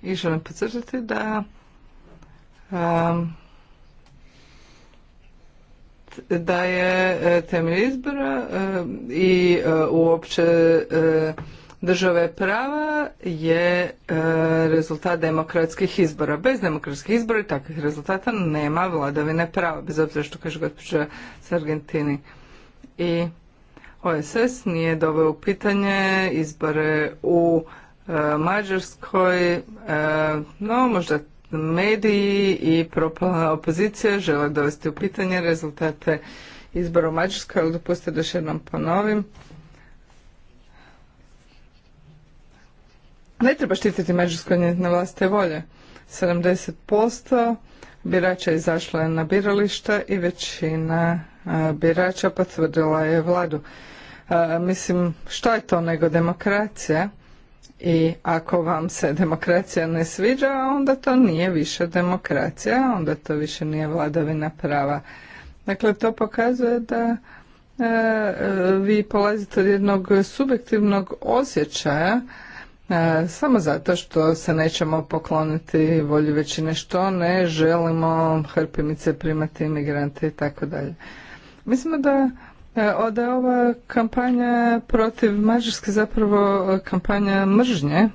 I želim podsjetiti da da je temelj izbora i uopće države prava je e, rezultat demokratskih izbora. Bez demokratskih izbora i takvih rezultata nema vladavine prava, bez obzira što kaže gospođa s I OSS nije doveo u pitanje izbore u e, Mađarskoj, e, no možda mediji i propala opozicija žele dovesti u pitanje rezultate izbora u Mađarskoj, ali dopustite da još jednom ponovim. ne treba štititi Mađarsko vlastite volje. 70% birača izašla je na birališta i većina birača potvrdila je vladu. Mislim, što je to nego demokracija? I ako vam se demokracija ne sviđa, onda to nije više demokracija, onda to više nije vladavina prava. Dakle, to pokazuje da e, e, vi polazite od jednog subjektivnog osjećaja E, samo zato što se nećemo pokloniti volju većine što ne želimo hrpimice primati imigrante i tako dalje. Mislimo da e, da je ova kampanja protiv Mađarske zapravo kampanja mržnje.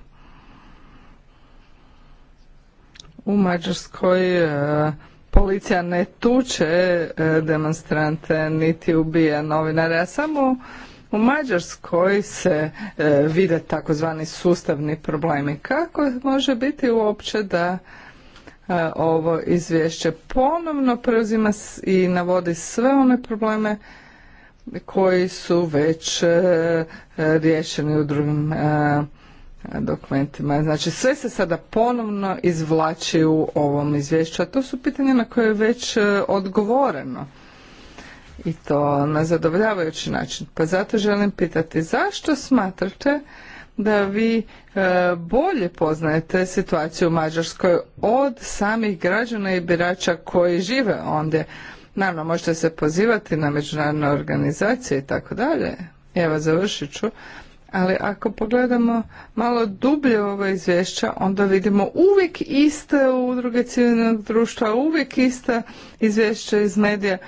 U Mađarskoj e, policija ne tuče demonstrante niti ubija novinare, a samo u Mađarskoj se e, vide takozvani sustavni problemi. Kako može biti uopće da e, ovo izvješće ponovno preuzima i navodi sve one probleme koji su već e, riješeni u drugim dokumentima. Znači sve se sada ponovno izvlači u ovom izvješću, a to su pitanja na koje je već odgovoreno i to na zadovoljavajući način. Pa zato želim pitati zašto smatrate da vi e, bolje poznajete situaciju u Mađarskoj od samih građana i birača koji žive ondje. Naravno, možete se pozivati na međunarodne organizacije i tako dalje. Evo, završit ću. Ali ako pogledamo malo dublje ova izvješća, onda vidimo uvijek iste udruge civilnog društva, uvijek ista izvješća iz medija.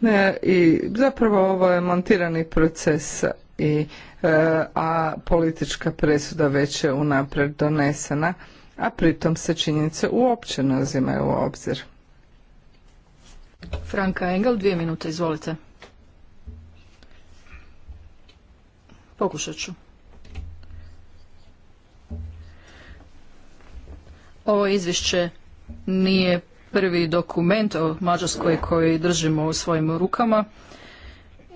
Ne, i zapravo ovo je montirani proces i e, a politička presuda već je unaprijed donesena, a pritom se činjenice uopće ne uzimaju u obzir. Franka Engel, dvije minute, izvolite. Pokušat ću. Ovo izvješće nije prvi dokument o Mađarskoj koji držimo u svojim rukama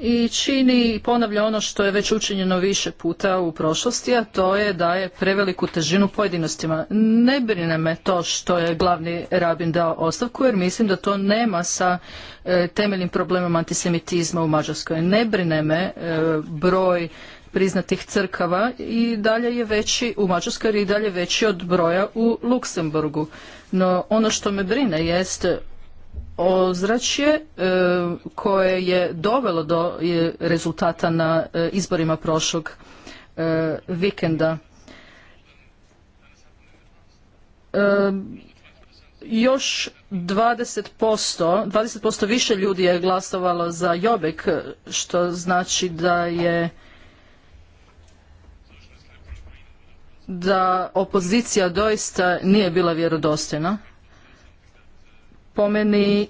i čini i ponavlja ono što je već učinjeno više puta u prošlosti, a to je da je preveliku težinu pojedinostima. Ne brine me to što je glavni rabin dao ostavku, jer mislim da to nema sa e, temeljnim problemom antisemitizma u Mađarskoj. Ne brine me e, broj priznatih crkava i dalje je veći u Mađarskoj i dalje veći od broja u Luksemburgu. No ono što me brine jest ozračje e, koje je dovelo do e, rezultata na e, izborima prošlog vikenda. Još 20%, 20% više ljudi je glasovalo za Jobek, što znači da je da opozicija doista nije bila vjerodostojna. Po meni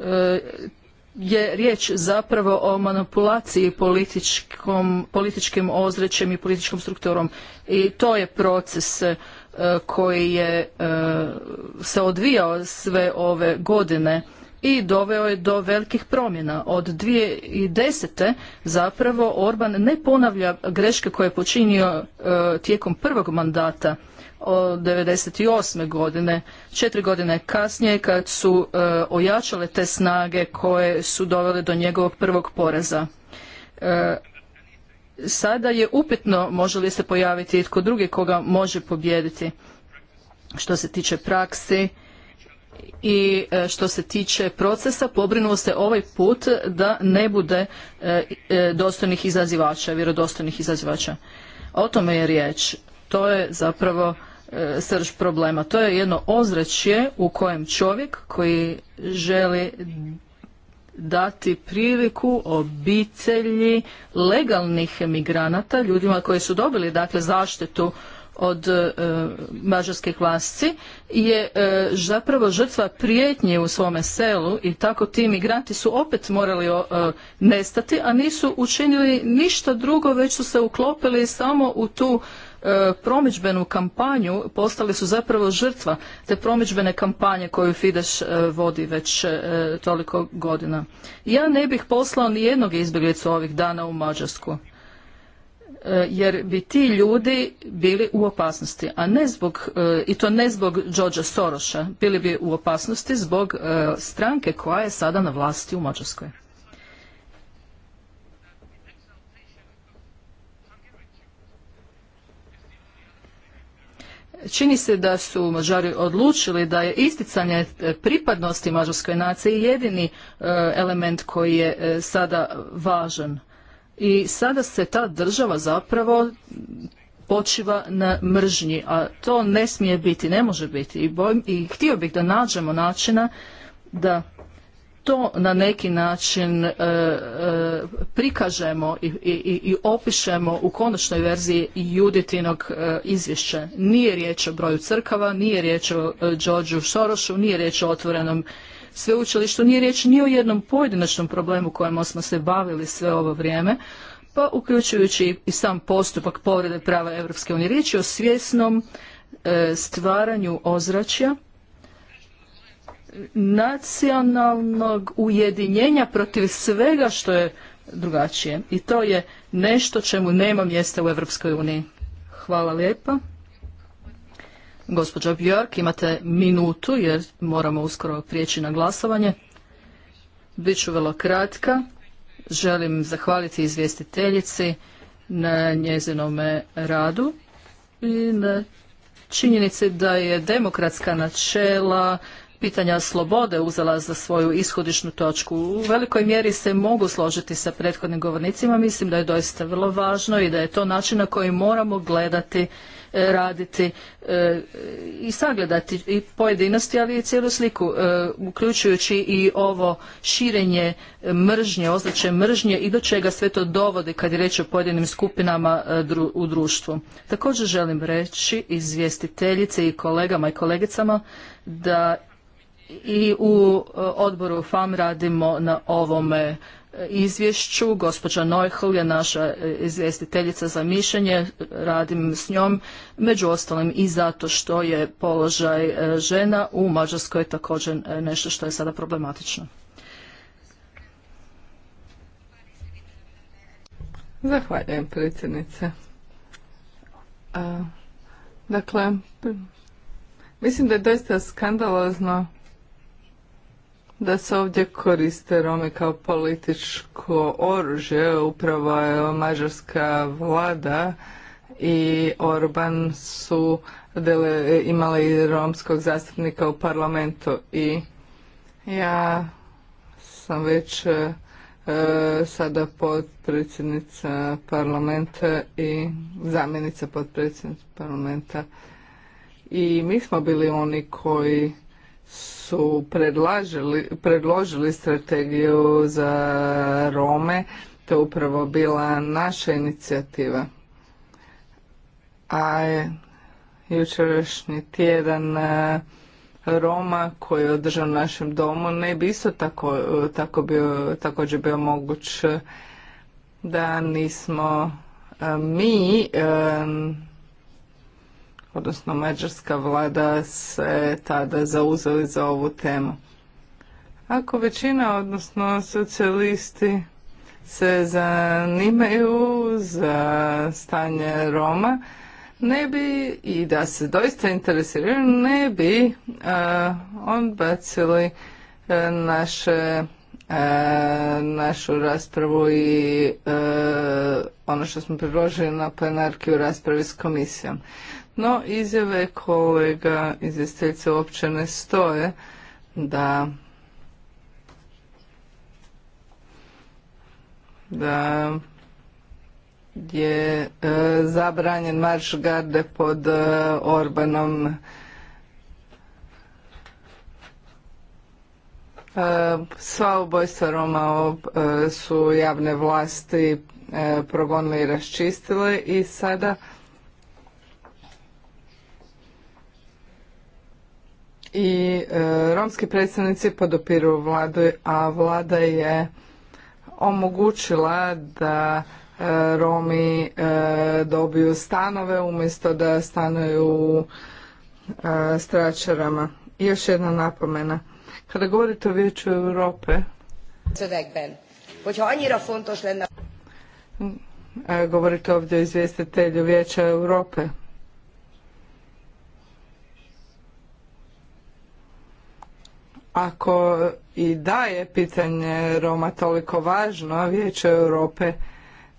e, je riječ zapravo o manipulaciji političkim ozrećem i političkom strukturom i to je proces e, koji je e, se odvijao sve ove godine i doveo je do velikih promjena. Od 2010. zapravo Orban ne ponavlja greške koje je počinio e, tijekom prvog mandata od 1998. godine. Četiri godine kasnije kad su e, ojačale te snage koje su dovele do njegovog prvog poreza. E, sada je upitno može li se pojaviti tko drugi koga može pobijediti što se tiče praksi i e, što se tiče procesa pobrinuo se ovaj put da ne bude e, e, dostojnih izazivača, vjerodostojnih izazivača. O tome je riječ. To je zapravo srž problema. To je jedno ozračje u kojem čovjek koji želi dati priliku obitelji legalnih emigranata, ljudima koji su dobili dakle zaštitu od e, mađarskih vlasti je e, zapravo žrtva prijetnje u svome selu i tako ti migranti su opet morali e, nestati, a nisu učinili ništa drugo, već su se uklopili samo u tu promičbenu kampanju, postali su zapravo žrtva te promičbene kampanje koju Fidesz vodi već toliko godina. Ja ne bih poslao ni jednog izbjeglicu ovih dana u Mađarsku E, jer bi ti ljudi bili u opasnosti, a ne zbog, e, i to ne zbog Đorđa Soroša, bili bi u opasnosti zbog e, stranke koja je sada na vlasti u Mađarskoj. Čini se da su Mađari odlučili da je isticanje pripadnosti mađarskoj naciji jedini element koji je sada važan i sada se ta država zapravo počiva na mržnji, a to ne smije biti, ne može biti. I, i htio bih da nađemo načina da to na neki način e, e, prikažemo i, i, i opišemo u konačnoj verziji Juditinog e, izvješća. Nije riječ o broju crkava, nije riječ o Đorđu e, Šorošu, nije riječ o otvorenom sveučilištu. Nije riječ ni o jednom pojedinačnom problemu kojem smo se bavili sve ovo vrijeme, pa uključujući i sam postupak povrede prava Europske unije. Riječ je o svjesnom e, stvaranju ozračja nacionalnog ujedinjenja protiv svega što je drugačije. I to je nešto čemu nema mjesta u Europskoj uniji. Hvala lijepa. Gospođa Björk, imate minutu jer moramo uskoro prijeći na glasovanje. Biću vrlo kratka. Želim zahvaliti izvjestiteljici na njezinome radu i na činjenici da je demokratska načela pitanja slobode uzela za svoju ishodišnu točku. U velikoj mjeri se mogu složiti sa prethodnim govornicima. Mislim da je doista vrlo važno i da je to način na koji moramo gledati E, raditi e, i sagledati i pojedinosti, ali i cijelu sliku, e, uključujući i ovo širenje mržnje, označe mržnje i do čega sve to dovodi kad je reč o pojedinim skupinama u društvu. Također želim reći izvjestiteljice i kolegama i kolegicama da i u odboru FAM radimo na ovome izvješću. Gospođa Neuhl je naša e, izvjestiteljica za mišljenje, radim s njom, među ostalim i zato što je položaj e, žena u Mađarskoj također e, nešto što je sada problematično. Zahvaljujem predsjednice. dakle, mislim da je doista skandalozno da se ovdje koriste Romi kao političko oružje. Upravo je mađarska vlada i Orban su dele, imali romskog zastupnika u parlamentu i ja sam već e, sada potpredsjednica parlamenta i zamjenica potpredsjednica parlamenta i mi smo bili oni koji su predložili strategiju za Rome, to je upravo bila naša inicijativa. A jučerašnji tjedan e, Roma koji je održan u našem domu ne bi isto tako, e, tako bio, također bio moguć da nismo e, mi odnosno mađarska vlada se tada zauzeli za ovu temu. Ako većina, odnosno socijalisti, se zanimaju za stanje Roma, ne bi, i da se doista interesiraju, ne bi uh, odbacili e, naše e, našu raspravu i e, ono što smo predložili na plenarki u raspravi s komisijom. No, izjave kolega izvjestiteljice uopće ne stoje da da je e, zabranjen marš garde pod e, Orbanom e, sva ubojstva Roma su javne vlasti progonile i raščistile i sada i e, romski predstavnici podopiru vladu, a vlada je omogućila da e, Romi e, dobiju stanove umjesto da stanuju u stračarama. I još jedna napomena. Kada govorite o Vijeću Europe, govorite ovdje o izvjestitelju Vijeća Europe, ako i da je pitanje Roma toliko važno, a Vijeće Europe,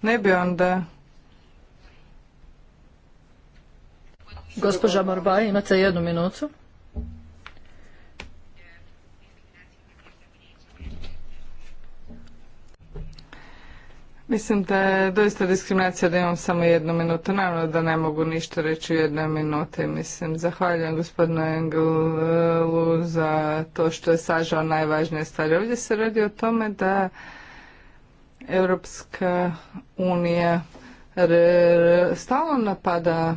ne bi onda... Gospođa Morbaj, imate jednu minutu. Mislim da je doista diskriminacija da imam samo jednu minutu. Naravno da ne mogu ništa reći u jednoj minuti. Mislim, zahvaljujem gospodinu Engelu za to što je sažao najvažnije stvari. Ovdje se radi o tome da Europska unija stalno napada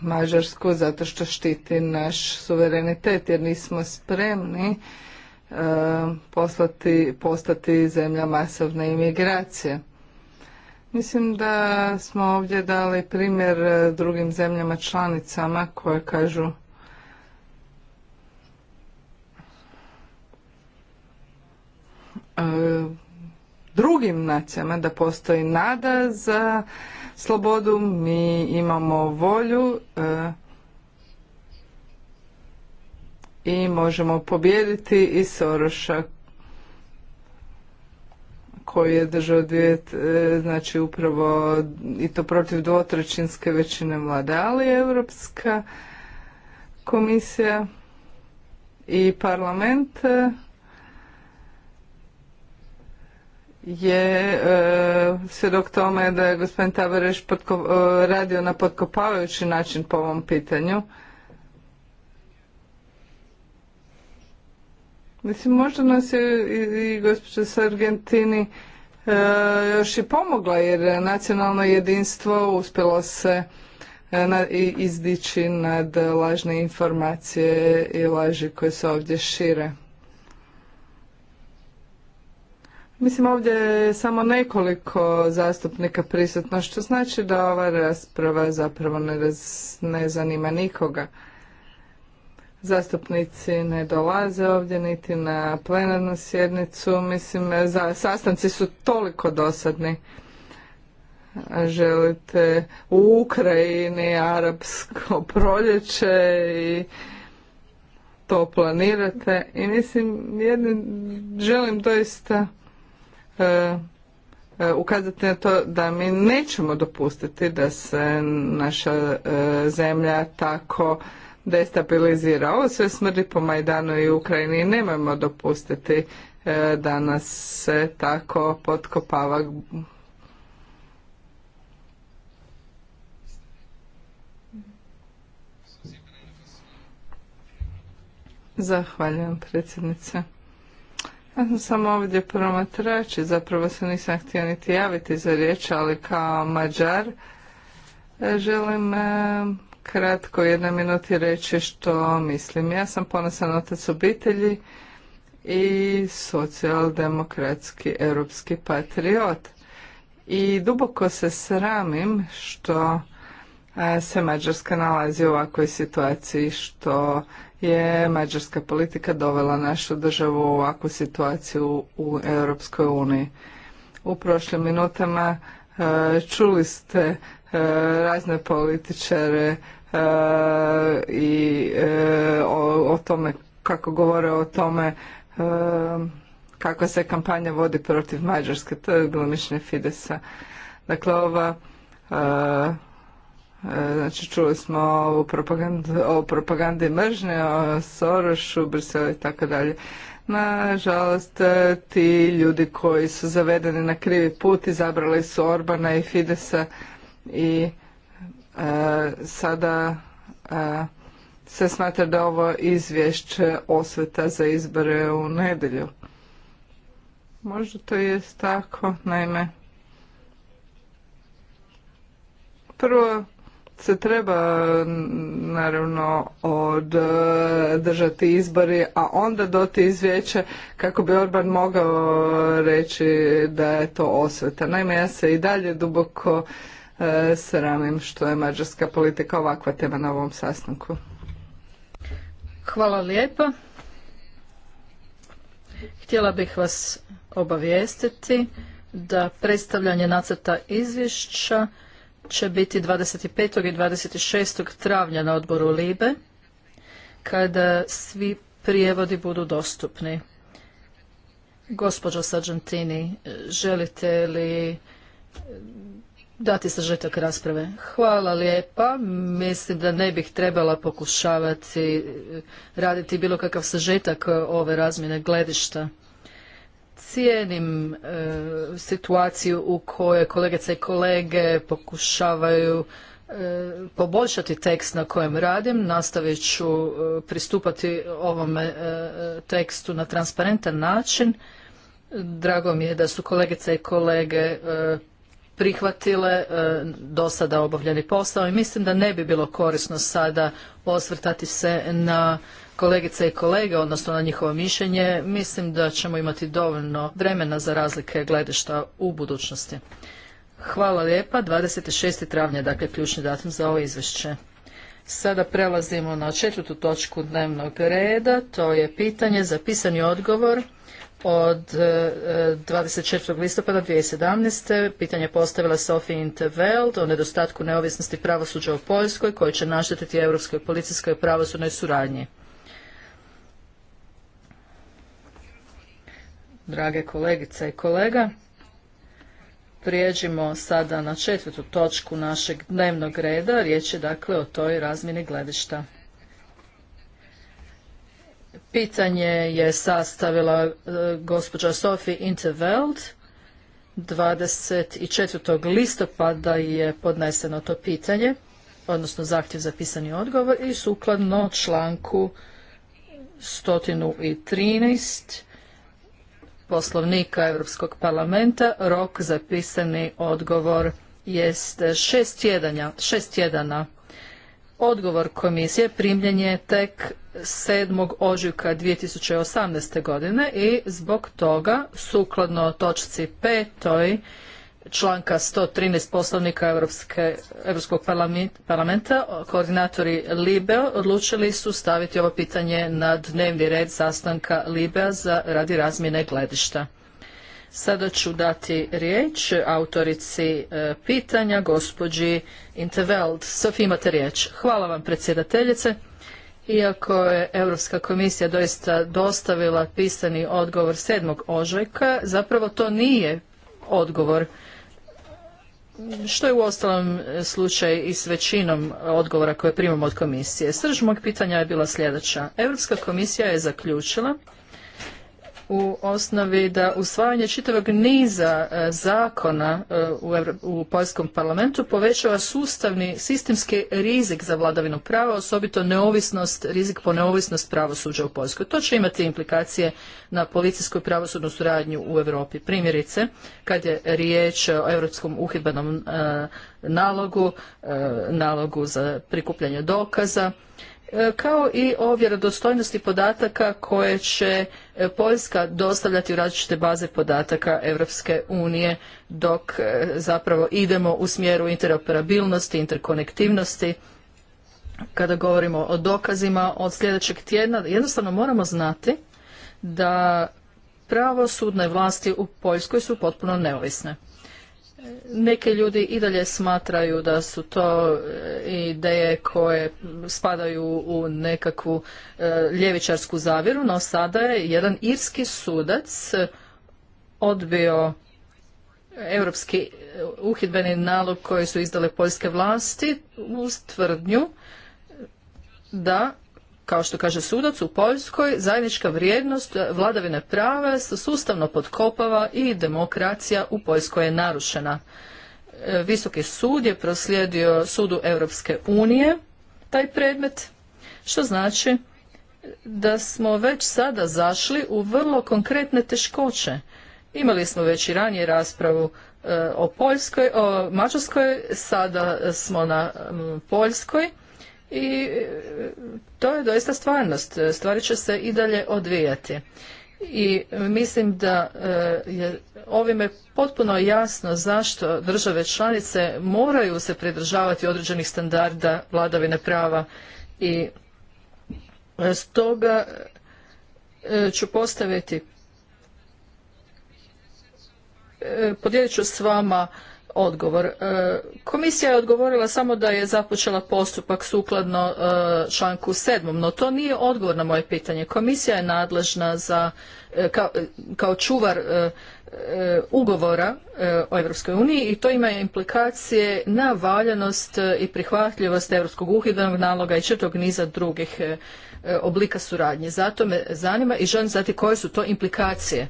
Mađarsku zato što štiti naš suverenitet jer nismo spremni E, poslati, postati zemlja masovne imigracije. Mislim da smo ovdje dali primjer drugim zemljama članicama koje kažu e, drugim nacijama da postoji nada za slobodu, mi imamo volju e, i možemo pobijediti i Soroša koji je držao dvije, e, znači upravo i to protiv dvotrećinske većine vlade, ali Europska komisija i parlament je e, svjedok tome da je gospodin Tavareš e, radio na potkopavajući način po ovom pitanju Mislim, možda nas je i, gospođa s e, još i pomogla jer nacionalno jedinstvo uspjelo se e, izdići nad lažne informacije i laži koje se ovdje šire. Mislim, ovdje je samo nekoliko zastupnika prisutno, što znači da ova rasprava zapravo ne zanima nikoga zastupnici ne dolaze ovdje niti na plenarnu sjednicu. Mislim, za, sastanci su toliko dosadni. Želite u Ukrajini arapsko proljeće i to planirate. I mislim, želim doista e, e, ukazati na to da mi nećemo dopustiti da se naša e, zemlja tako destabilizira. Ovo sve smrdi po Majdanu i Ukrajini i nemojmo dopustiti e, da nas se tako potkopava Zahvaljujem predsjednice. Ja sam samo ovdje promatrač i zapravo se nisam htio niti javiti za riječ, ali kao mađar e, želim e, kratko jedna minuti reći što mislim. Ja sam ponosan otac obitelji i socijaldemokratski europski patriot. I duboko se sramim što se Mađarska nalazi u ovakvoj situaciji, što je mađarska politika dovela našu državu u ovakvu situaciju u Europskoj uniji. U prošlim minutama čuli ste E, razne političare e, i e, o, o tome kako govore o tome kako se kampanja vodi protiv Mađarske, to je bilo Fidesa. Dakle, ova Znači, čuli smo o propagandi, o propagandi mržnje, o Sorošu, Briselu i tako dalje. Nažalost, ti ljudi koji su zavedeni na krivi put izabrali su Orbana i Fidesa i e, sada e, se smatra da ovo izvješće osveta za izbore u nedjelju. Možda to je tako, naime. Prvo se treba naravno od e, držati izbori, a onda doti izvjeće kako bi Orban mogao reći da je to osveta. Naime, ja se i dalje duboko E, sramim što je mađarska politika ovakva tema na ovom sastanku. Hvala lijepa. Htjela bih vas obavijestiti da predstavljanje nacrta izvješća će biti 25. i 26. travnja na odboru Libe, kada svi prijevodi budu dostupni. Gospođo Sargentini, želite li dati sažetak rasprave. Hvala lijepa. Mislim da ne bih trebala pokušavati e, raditi bilo kakav sažetak ove razmjene gledišta. Cijenim e, situaciju u kojoj kolegice i kolege pokušavaju e, poboljšati tekst na kojem radim. Nastavit ću pristupati ovome tekstu na transparentan način. Drago mi je da su kolegice i kolege prihvatile e, do sada obavljeni posao i mislim da ne bi bilo korisno sada osvrtati se na kolegice i kolege, odnosno na njihovo mišljenje. Mislim da ćemo imati dovoljno vremena za razlike gledišta u budućnosti. Hvala lijepa. 26. travnja, dakle, ključni datum za ovo izvješće. Sada prelazimo na četvrtu točku dnevnog reda. To je pitanje za pisani odgovor od 24. E, listopada 2017. pitanje postavila Sophie Interveld o nedostatku neovisnosti pravosuđa u Poljskoj koji će naštetiti europskoj policijskoj pravosudnoj suradnji. Drage kolegice i kolega, prijeđimo sada na četvrtu točku našeg dnevnog reda. Riječ je dakle o toj razmjeni gledišta. Pitanje je sastavila e, gospođa Sophie Interveld. 24. listopada je podneseno to pitanje, odnosno zahtjev za pisani odgovor i sukladno članku 113 poslovnika Europskog parlamenta rok za pisani odgovor jeste šest tjedana. Odgovor komisije primljen je tek 7. ožujka 2018. godine i zbog toga sukladno točci 5. članka 113 poslovnika Europskog parlamenta koordinatori LIBE odlučili su staviti ovo pitanje na dnevni red sastanka libe za radi razmjene gledišta. Sada ću dati riječ autorici e, pitanja, gospođi Interveld. Sofi, imate riječ. Hvala vam, predsjedateljice. Iako je Europska komisija doista dostavila pisani odgovor sedmog ožujka, zapravo to nije odgovor što je u ostalom slučaj i s većinom odgovora koje primamo od komisije. Srž mog pitanja je bila sljedeća. Europska komisija je zaključila u osnovi da usvajanje čitavog niza e, zakona e, u, Poljskom parlamentu povećava sustavni sistemski rizik za vladavinu prava, osobito neovisnost, rizik po neovisnost pravosuđa u Poljskoj. To će imati implikacije na policijsku i pravosudnu suradnju u Europi. Primjerice, kad je riječ o europskom uhidbenom e, nalogu, nalogu za prikupljanje dokaza, E, kao i o vjerodostojnosti podataka koje će e, Poljska dostavljati u različite baze podataka Europske unije dok e, zapravo idemo u smjeru interoperabilnosti, interkonektivnosti. Kada govorimo o dokazima od sljedećeg tjedna, jednostavno moramo znati da pravo sudne vlasti u Poljskoj su potpuno neovisne. Neki ljudi i dalje smatraju da su to e, ideje koje spadaju u nekakvu e, ljevičarsku zavjeru, no sada je jedan irski sudac odbio europski e, uhidbeni nalog koji su izdale poljske vlasti uz tvrdnju da kao što kaže sudac u Poljskoj, zajednička vrijednost e, vladavine prava se sustavno podkopava i demokracija u Poljskoj je narušena. E, Visoki sud je proslijedio sudu Europske unije taj predmet, što znači da smo već sada zašli u vrlo konkretne teškoće. Imali smo već i ranije raspravu e, o Poljskoj, o Mađarskoj, sada smo na Poljskoj i e, to je doista stvarnost. Stvari će se i dalje odvijati. I mislim da e, je ovime potpuno jasno zašto države članice moraju se pridržavati određenih standarda vladavine prava i e, stoga ću postaviti podijelit ću s vama odgovor. E, komisija je odgovorila samo da je započela postupak sukladno e, članku 7. No to nije odgovor na moje pitanje. Komisija je nadležna za, e, kao, čuvar ugovora o Europskoj uniji i to ima implikacije na valjanost i prihvatljivost Europskog uhidbenog naloga i četvrtog niza drugih oblika suradnje. Zato me zanima i želim znati koje su to implikacije.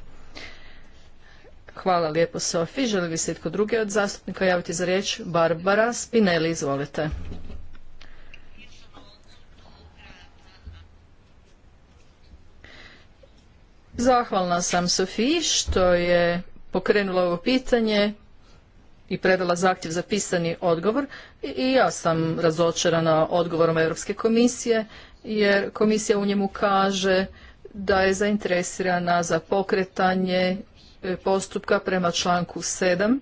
Hvala lijepo Sofi. Želi li se itko drugi od zastupnika javiti za riječ? Barbara Spinelli, izvolite. Zahvalna sam Sofiji što je pokrenula ovo pitanje i predala zahtjev za pisani odgovor i ja sam razočarana odgovorom Europske komisije jer komisija u njemu kaže da je zainteresirana za pokretanje E, postupka prema članku 7.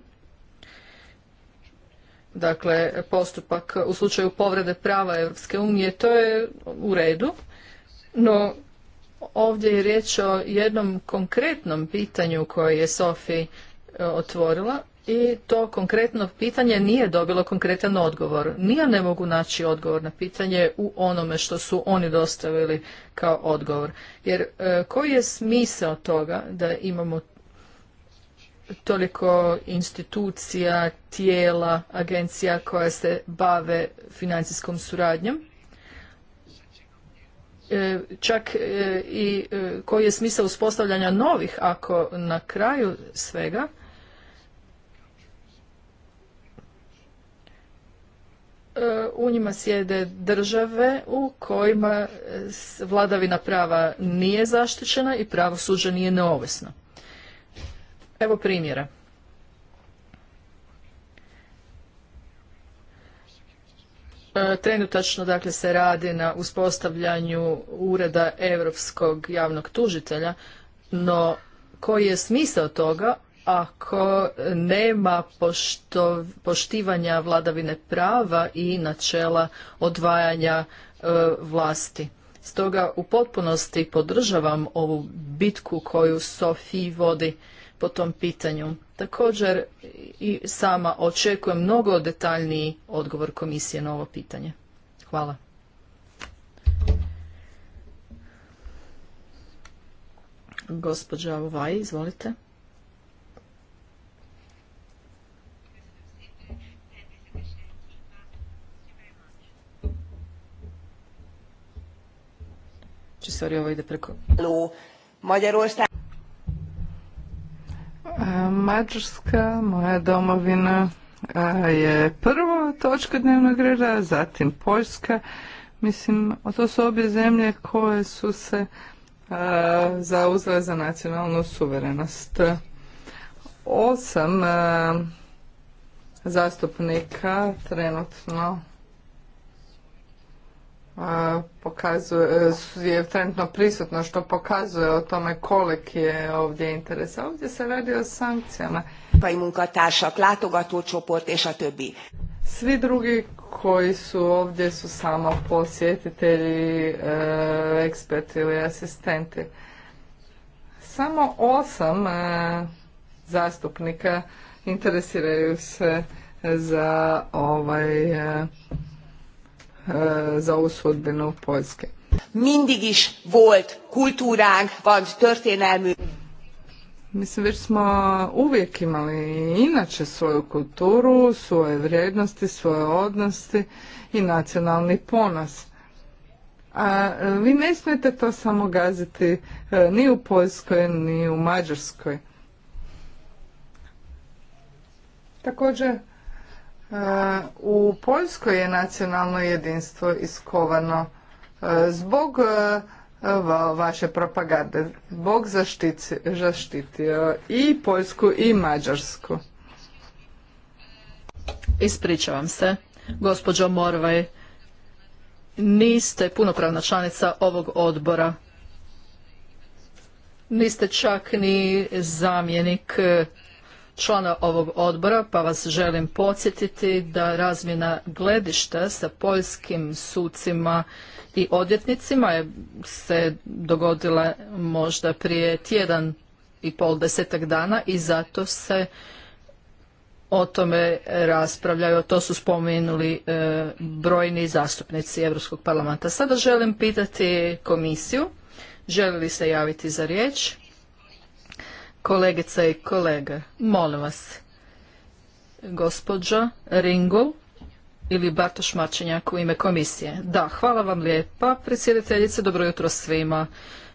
Dakle, postupak u slučaju povrede prava Europske unije, to je u redu, no ovdje je riječ o jednom konkretnom pitanju koje je Sofi e, otvorila i to konkretno pitanje nije dobilo konkretan odgovor. Nije ne mogu naći odgovor na pitanje u onome što su oni dostavili kao odgovor. Jer e, koji je smisao toga da imamo toliko institucija, tijela, agencija koja se bave financijskom suradnjom. E, čak e, i e, koji je smisao uspostavljanja novih ako na kraju svega u njima sjede države u kojima vladavina prava nije zaštićena i pravosuđe nije neovisno. Evo primjera. E, trenutačno dakle se radi na uspostavljanju ureda europskog javnog tužitelja, no koji je smisao toga ako nema pošto, poštivanja vladavine prava i načela odvajanja e, vlasti. Stoga u potpunosti podržavam ovu bitku koju Sofi vodi po tom pitanju. Također i sama očekujem mnogo detaljniji odgovor komisije na ovo pitanje. Hvala. Gospođa Ovaj, izvolite. Sorry, ovo ide preko... Mađarska, moja domovina, je prvo točka dnevnog reda, zatim Poljska. Mislim, to su obje zemlje koje su se zauzele za nacionalnu suverenost. Osam zastupnika trenutno pokazuje, e, je trenutno prisutno što pokazuje o tome koliki je ovdje interes. ovdje se radi o sankcijama. Pa i munkatársak, látogatócsoport és a többi. Svi drugi koji su ovdje su samo posjetitelji, e, eksperti ili asistenti. Samo osam e, zastupnika interesiraju se za ovaj Eh, za ovu sudbinu Poljske. Mindig is volt történelmű. Mislim, već smo uvijek imali inače svoju kulturu, svoje vrijednosti, svoje odnosti i nacionalni ponos. A eh, vi ne smijete to samo gaziti eh, ni u Poljskoj, ni u Mađarskoj. Također, E, u Poljskoj je nacionalno jedinstvo iskovano e, zbog e, vaše propagande. Bog zaštiti zaštitio i Poljsku i Mađarsku. Ispričavam se, gospođo Morvaj, niste punopravna članica ovog odbora. Niste čak ni zamjenik člana ovog odbora, pa vas želim podsjetiti da razmjena gledišta sa poljskim sucima i odvjetnicima se dogodila možda prije tjedan i pol desetak dana i zato se o tome raspravljaju, to su spomenuli e, brojni zastupnici Europskog parlamenta. Sada želim pitati komisiju, želi li se javiti za riječ? Kolegice i kolege, molim vas, gospođa Ringo ili Bartoš Mačenjak u ime komisije. Da, hvala vam lijepa, predsjediteljice, dobro jutro svima.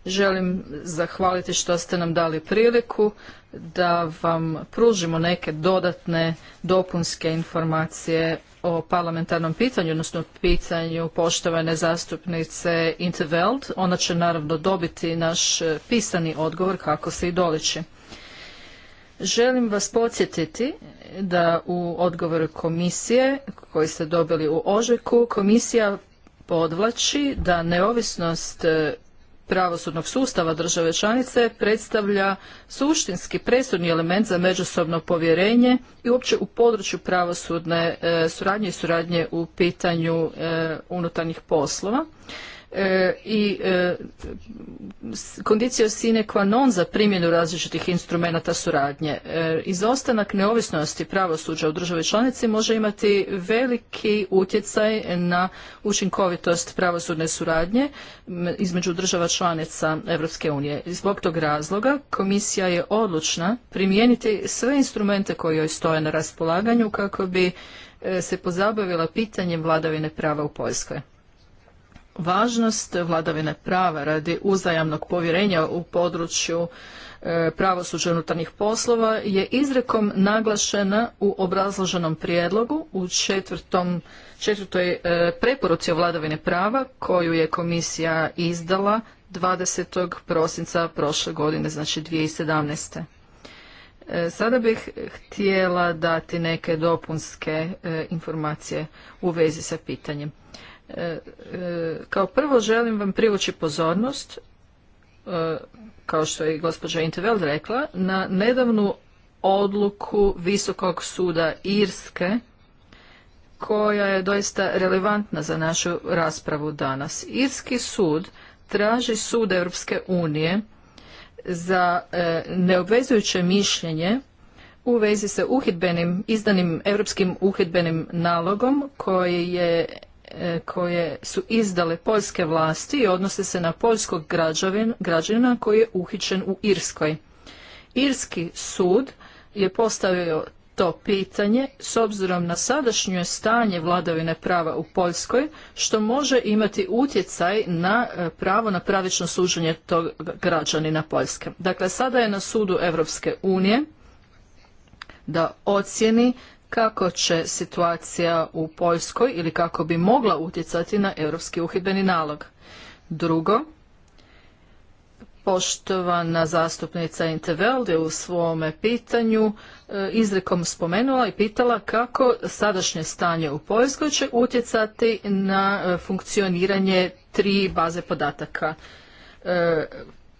Želim zahvaliti što ste nam dali priliku da vam pružimo neke dodatne dopunske informacije o parlamentarnom pitanju, odnosno pitanju poštovane zastupnice Interveld. Ona će naravno dobiti naš pisani odgovor kako se i doliči. Želim vas podsjetiti da u odgovoru komisije koji ste dobili u ožeku, komisija podvlači da neovisnost e, pravosudnog sustava države članice predstavlja suštinski presudni element za međusobno povjerenje i uopće u području pravosudne e, suradnje i suradnje u pitanju e, unutarnjih poslova E, i kondicija e, sine qua non za primjenu različitih instrumenata suradnje. E, izostanak neovisnosti pravosuđa u državi članici može imati veliki utjecaj na učinkovitost pravosudne suradnje između država članica Europske unije. Zbog tog razloga komisija je odlučna primijeniti sve instrumente koji joj stoje na raspolaganju kako bi se pozabavila pitanjem vladavine prava u Poljskoj. Važnost vladavine prava radi uzajamnog povjerenja u području e, pravosuđa unutarnjih poslova je izrekom naglašena u obrazloženom prijedlogu u četvrtoj e, preporuci o vladavine prava koju je komisija izdala 20. prosinca prošle godine, znači 2017. E, sada bih htjela dati neke dopunske informacije u vezi sa pitanjem. E, e, kao prvo želim vam privući pozornost, e, kao što je i gospođa Interveld rekla, na nedavnu odluku Visokog suda Irske koja je doista relevantna za našu raspravu danas. Irski sud traži sud Europske unije za neobvezujuće mišljenje u vezi sa uhidbenim, izdanim europskim uhidbenim nalogom koji je E, koje su izdale poljske vlasti i odnose se na poljskog građanina koji je uhićen u Irskoj. Irski sud je postavio to pitanje s obzirom na sadašnje stanje vladavine prava u Poljskoj, što može imati utjecaj na e, pravo na pravično suđenje tog građanina Poljske. Dakle, sada je na sudu Europske unije da ocjeni kako će situacija u Poljskoj ili kako bi mogla utjecati na europski uhidbeni nalog. Drugo, poštovana zastupnica Interveld je u svome pitanju e, izrekom spomenula i pitala kako sadašnje stanje u Poljskoj će utjecati na e, funkcioniranje tri baze podataka e,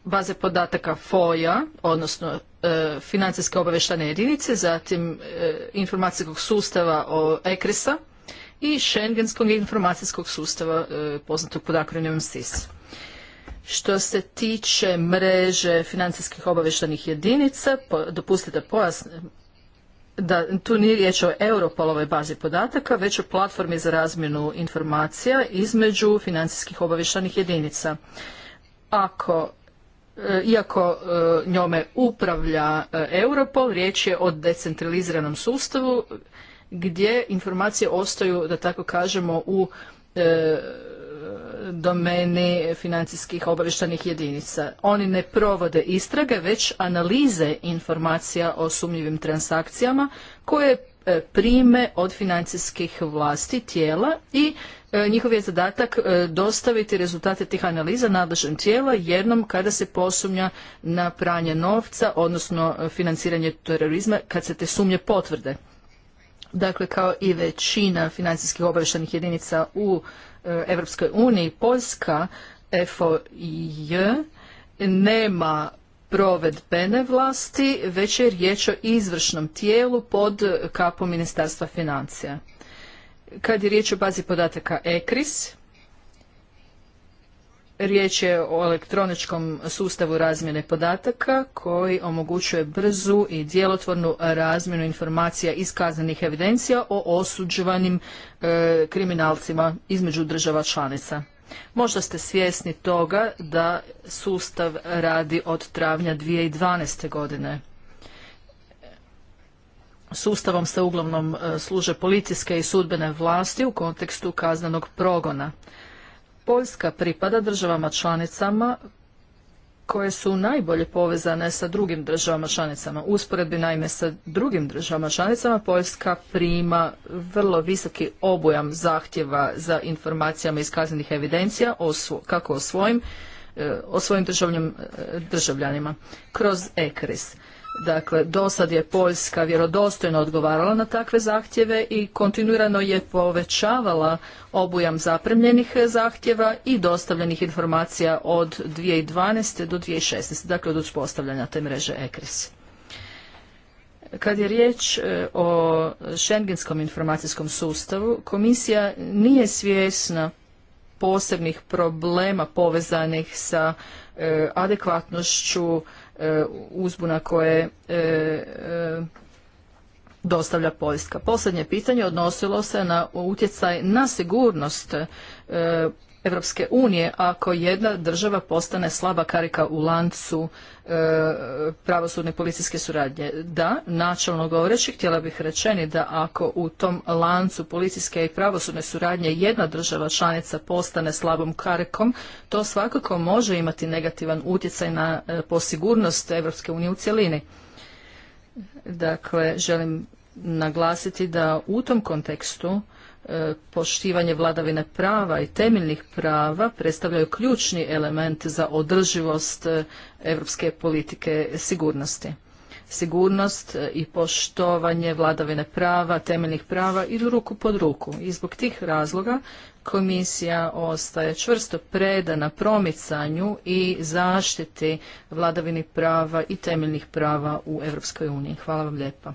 baze podataka FOIA, odnosno e, financijske obavještajne jedinice, zatim e, informacijskog sustava o a i šengenskog informacijskog sustava e, poznatog pod akronimom SIS. Što se tiče mreže financijskih obavještajnih jedinica, dopustite pojas da tu nije riječ o Europolovoj bazi podataka, već o platformi za razmjenu informacija između financijskih obavještajnih jedinica. Ako E, iako e, njome upravlja e, Europol, riječ je o decentraliziranom sustavu gdje informacije ostaju, da tako kažemo, u domeni financijskih obavještajnih jedinica. Oni ne provode istrage, već analize informacija o sumnjivim transakcijama koje E, prime od financijskih vlasti tijela i e, njihov je zadatak e, dostaviti rezultate tih analiza nadležnim tijela jednom kada se posumnja na pranje novca, odnosno financiranje terorizma, kad se te sumnje potvrde. Dakle, kao i većina financijskih obavještenih jedinica u Europskoj uniji, Poljska FOJ nema provedbene vlasti, već je riječ o izvršnom tijelu pod kapom Ministarstva financija. Kad je riječ o bazi podataka ECRIS, Riječ je o elektroničkom sustavu razmjene podataka koji omogućuje brzu i djelotvornu razmjenu informacija iz kaznenih evidencija o osuđivanim e, kriminalcima između država članica. Možda ste svjesni toga da sustav radi od travnja 2012. godine. Sustavom se uglavnom e, služe policijske i sudbene vlasti u kontekstu kaznenog progona. Poljska pripada državama članicama koje su najbolje povezane sa drugim državama članicama. Usporedbi naime sa drugim državama članicama Poljska prima vrlo visoki obujam zahtjeva za informacijama iz kaznenih evidencija kako o svojim, e, o svojim e, državljanima kroz ECRIS. Dakle, do sad je Poljska vjerodostojno odgovarala na takve zahtjeve i kontinuirano je povećavala obujam zapremljenih zahtjeva i dostavljenih informacija od 2012. do 2016. Dakle, od uspostavljanja te mreže ECRIS. Kad je riječ e, o šengenskom informacijskom sustavu, komisija nije svjesna posebnih problema povezanih sa e, adekvatnošću E, uzbuna koje e, e, dostavlja Poljska. Posljednje pitanje odnosilo se na utjecaj na sigurnost Europske unije ako jedna država postane slaba karika u lancu e, pravosudne policijske suradnje. Da, načelno govoreći, htjela bih rečeni da ako u tom lancu policijske i pravosudne suradnje jedna država članica postane slabom karikom, to svakako može imati negativan utjecaj na e, posigurnost Europske unije u cjelini. Dakle, želim naglasiti da u tom kontekstu E, poštivanje vladavine prava i temeljnih prava predstavljaju ključni element za održivost europske politike sigurnosti. Sigurnost e, i poštovanje vladavine prava, temeljnih prava idu ruku pod ruku i zbog tih razloga komisija ostaje čvrsto predana promicanju i zaštiti vladavini prava i temeljnih prava u Europskoj uniji. Hvala vam lijepa.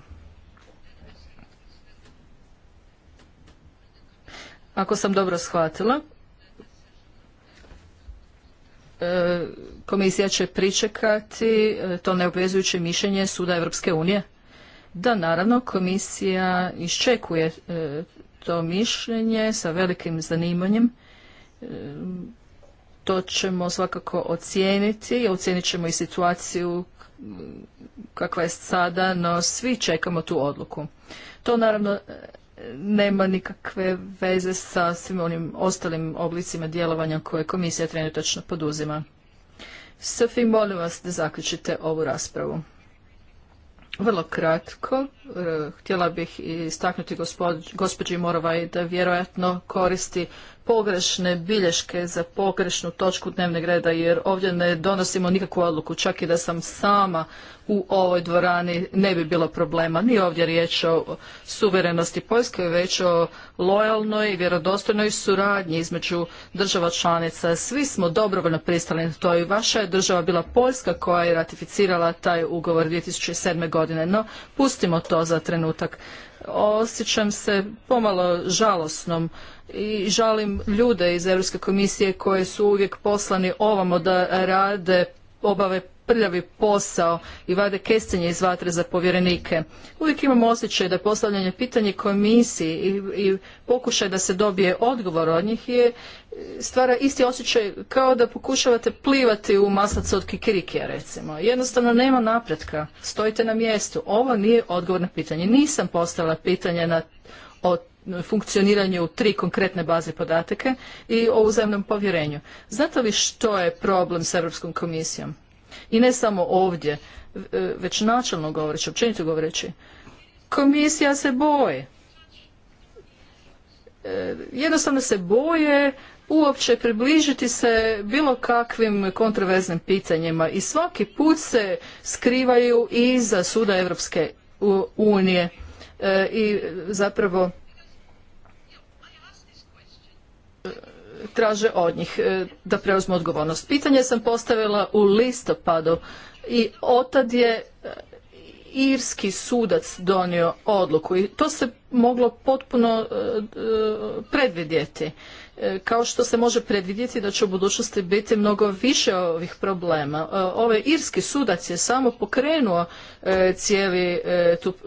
Ako sam dobro shvatila, e, komisija će pričekati e, to neobvezujuće mišljenje Suda Europske unije. Da, naravno, komisija iščekuje e, to mišljenje sa velikim zanimanjem. To ćemo svakako ocijeniti, ocijenit ćemo i situaciju kakva je sada, no svi čekamo tu odluku. To naravno nema nikakve veze sa svim onim ostalim oblicima djelovanja koje komisija trenutačno poduzima. Sofi, molim vas da zaključite ovu raspravu. Vrlo kratko, e, htjela bih istaknuti gospođi Morovaj da vjerojatno koristi pogrešne bilješke za pogrešnu točku dnevnog reda jer ovdje ne donosimo nikakvu odluku. Čak i da sam sama u ovoj dvorani ne bi bilo problema. Ni ovdje riječ o suverenosti Poljske, već o lojalnoj i vjerodostojnoj suradnji između država članica. Svi smo dobrovoljno pristali na to i vaša je država bila Poljska koja je ratificirala taj ugovor 2007. godine. No, pustimo to za trenutak. Osjećam se pomalo žalosnom i žalim ljude iz Europske komisije koji su uvijek poslani ovamo da rade, obave prljavi posao i vade kestenje iz vatre za povjerenike. Uvijek imamo osjećaj da postavljanje pitanje komisiji i, pokušaj da se dobije odgovor od njih je stvara isti osjećaj kao da pokušavate plivati u maslac od kikirike recimo. Jednostavno nema napretka. Stojite na mjestu. Ovo nije odgovor na pitanje. Nisam postavila pitanje na, o funkcioniranju u tri konkretne baze podataka i o uzajemnom povjerenju. Znate li što je problem s Europskom komisijom? I ne samo ovdje, e, već načelno govoreći, općenito govoreći. Komisija se boje. Jednostavno se boje uopće približiti se bilo kakvim kontroverznim pitanjima i svaki put se skrivaju iza suda Europske unije e, i zapravo traže od njih e, da preuzmu odgovornost. Pitanje sam postavila u listopadu i otad je e, irski sudac donio odluku i to se moglo potpuno e, predvidjeti. E, kao što se može predvidjeti da će u budućnosti biti mnogo više ovih problema. E, ovaj irski sudac je samo pokrenuo e, cijeli,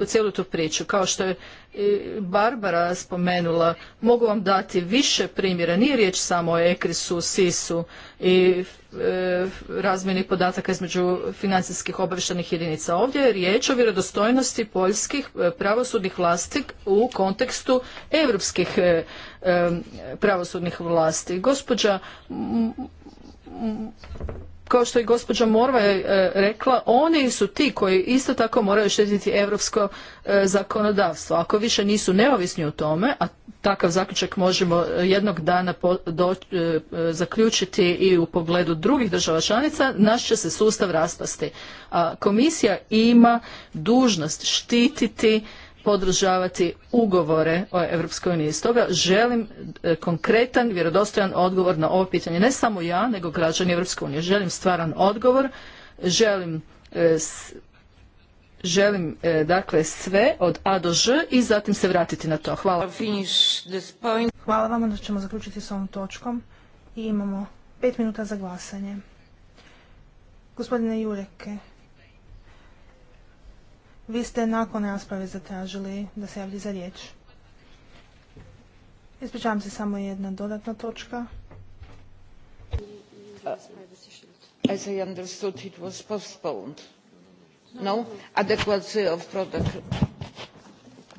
cijelu tu priču. Kao što je Barbara spomenula, mogu vam dati više primjera. Nije riječ samo o Ekrisu, Sisu i razmjeni podataka između financijskih obavještajnih jedinica. Ovdje je riječ o vjerodostojnosti poljskih pravosudnih vlasti u kontekstu europskih pravosudnih vlasti. Gospođa kao što je gospođa Morva eh, rekla, oni su ti koji isto tako moraju štititi europsko eh, zakonodavstvo. Ako više nisu neovisni u tome, a takav zaključak možemo eh, jednog dana zaključiti i u pogledu drugih država članica, naš će se sustav raspasti. A komisija ima dužnost štititi podržavati ugovore o Europskoj uniji. Stoga želim e, konkretan, vjerodostojan odgovor na ovo pitanje. Ne samo ja, nego građani Europske unije. Želim stvaran odgovor, želim e, želim e, dakle sve od A do Ž i zatim se vratiti na to. Hvala. Hvala vam, da ćemo zaključiti s ovom točkom i imamo pet minuta za glasanje. Gospodine Jureke, vi ste nakon rasprave zatražili da se javlji za riječ. Ispričavam se samo jedna dodatna točka. Uh, as I understood, it was postponed. No? Adequacy of product.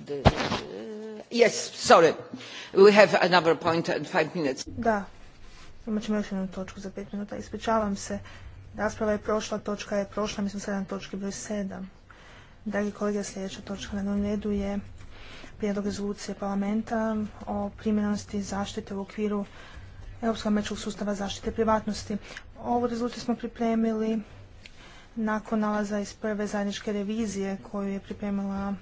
The... Uh, yes, sorry. We have another point and five minutes. Da. Imat ćemo još jednu točku za pet minuta. Ispričavam se. Rasprava je prošla, točka je prošla, mi smo sedam točki broj sedam. Dragi kolege, sljedeća točka na dnevnom redu je prijedlog rezolucije parlamenta o primjenosti zaštite u okviru Europskog američkog sustava zaštite privatnosti. Ovu rezoluciju smo pripremili nakon nalaza iz prve zajedničke revizije koju je pripremila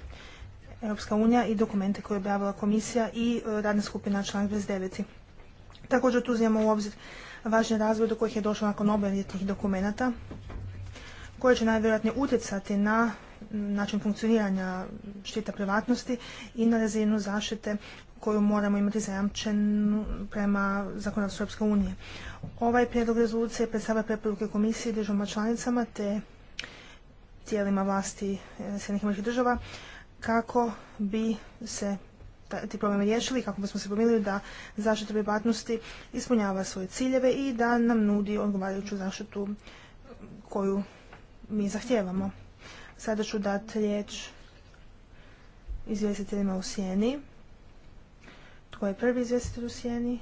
Europska unija i dokumente koje je objavila komisija i e, radna skupina članak 29. Također tu uzimamo u obzir važni razvoj do kojih je došlo nakon obavljenih dokumenata koje će najvjerojatnije utjecati na način funkcioniranja štita privatnosti i na razinu zaštite koju moramo imati zajamčenu prema zakonodavstvu Europske unije. Ovaj prijedlog rezolucije predstavlja preporuke komisije državama članicama te tijelima vlasti eh, Sjednih država kako bi se ti problemi riješili, kako bismo se pomilili da zaštita privatnosti ispunjava svoje ciljeve i da nam nudi odgovarajuću zaštitu koju mi zahtijevamo. Sada ću dati riječ izvjestiteljima u sjeni. Tko je prvi izvjestitelj u sjeni?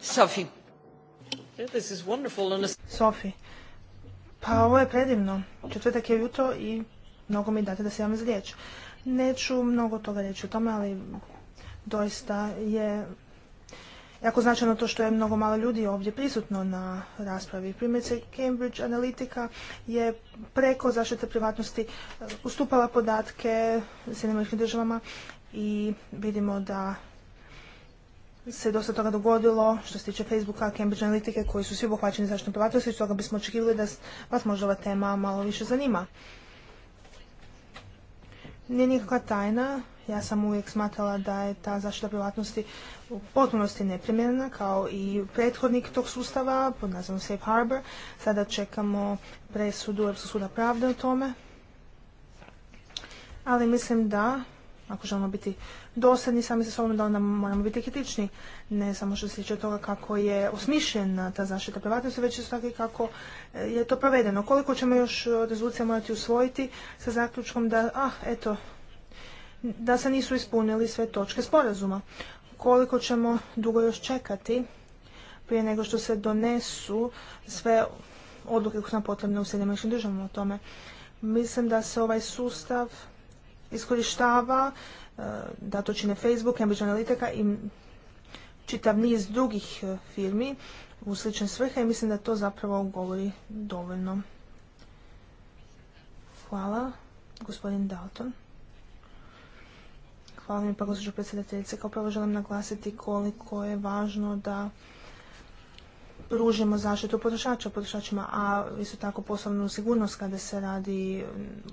Sofi. Eh, Sofi. Pa ovo je predivno. Četvrtak je jutro i mnogo mi date da se javim za riječ. Neću mnogo toga reći o tome, ali doista je jako značajno to što je mnogo malo ljudi ovdje prisutno na raspravi. Primjerice Cambridge Analytica je preko zaštite privatnosti e, ustupala podatke Sjedinjenim državama i vidimo da se dosta toga dogodilo što se tiče Facebooka, Cambridge Analytica koji su svi obuhvaćeni zaštitom privatnosti, stoga bismo očekivali da vas možda ova tema malo više zanima. Nije nikakva tajna, ja sam uvijek smatrala da je ta zaštita privatnosti u potpunosti neprimjerena, kao i prethodnik tog sustava pod nazivom Safe Harbor. Sada čekamo presudu Europskog suda pravde o tome. Ali mislim da, ako želimo biti dosadni sami sa sobom da onda moramo biti kritični, ne samo što se tiče toga kako je osmišljena ta zaštita privatnosti, već isto tako i kako eh, je to provedeno. Koliko ćemo još rezolucija morati usvojiti sa zaključkom da, ah, eto, da se nisu ispunili sve točke sporazuma. Koliko ćemo dugo još čekati prije nego što se donesu sve odluke koje su nam potrebne u srednjemačkim državama o tome. Mislim da se ovaj sustav iskorištava E, da to čine Facebook, Cambridge Analytica i čitav niz drugih e, firmi u slične svrhe i mislim da to zapravo govori dovoljno. Hvala, gospodin Dalton. Hvala mi pa gospođo predsjedateljice. Kao prvo želim naglasiti koliko je važno da pružimo zaštitu potrošača potrošačima, a isto tako poslovnu sigurnost kada se radi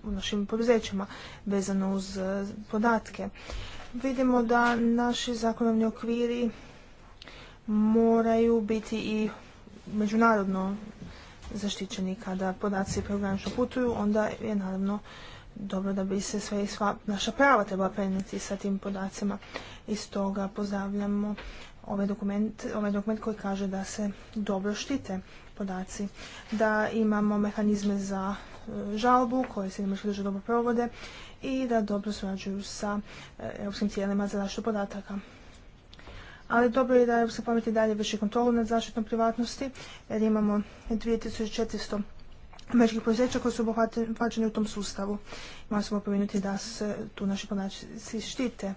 u našim poduzećima vezano uz e, podatke. Vidimo da naši zakonovni okviri moraju biti i međunarodno zaštićeni kada podaci programično putuju, onda je naravno dobro da bi se sve i sva naša prava trebala prenijeti sa tim podacima. I toga pozdravljamo ovaj dokument, ovaj dokument koji kaže da se dobro štite podaci, da imamo mehanizme za e, žalbu koje se nemačke države dobro provode i da dobro surađuju sa e, europskim tijelima za zaštitu podataka. Ali dobro je da se pamet i dalje vrši kontrolu nad zaštitom privatnosti, jer imamo 2400 američkih poduzeća koji su obuhvaćeni u tom sustavu. Moramo se povinuti da se tu naši podaci štite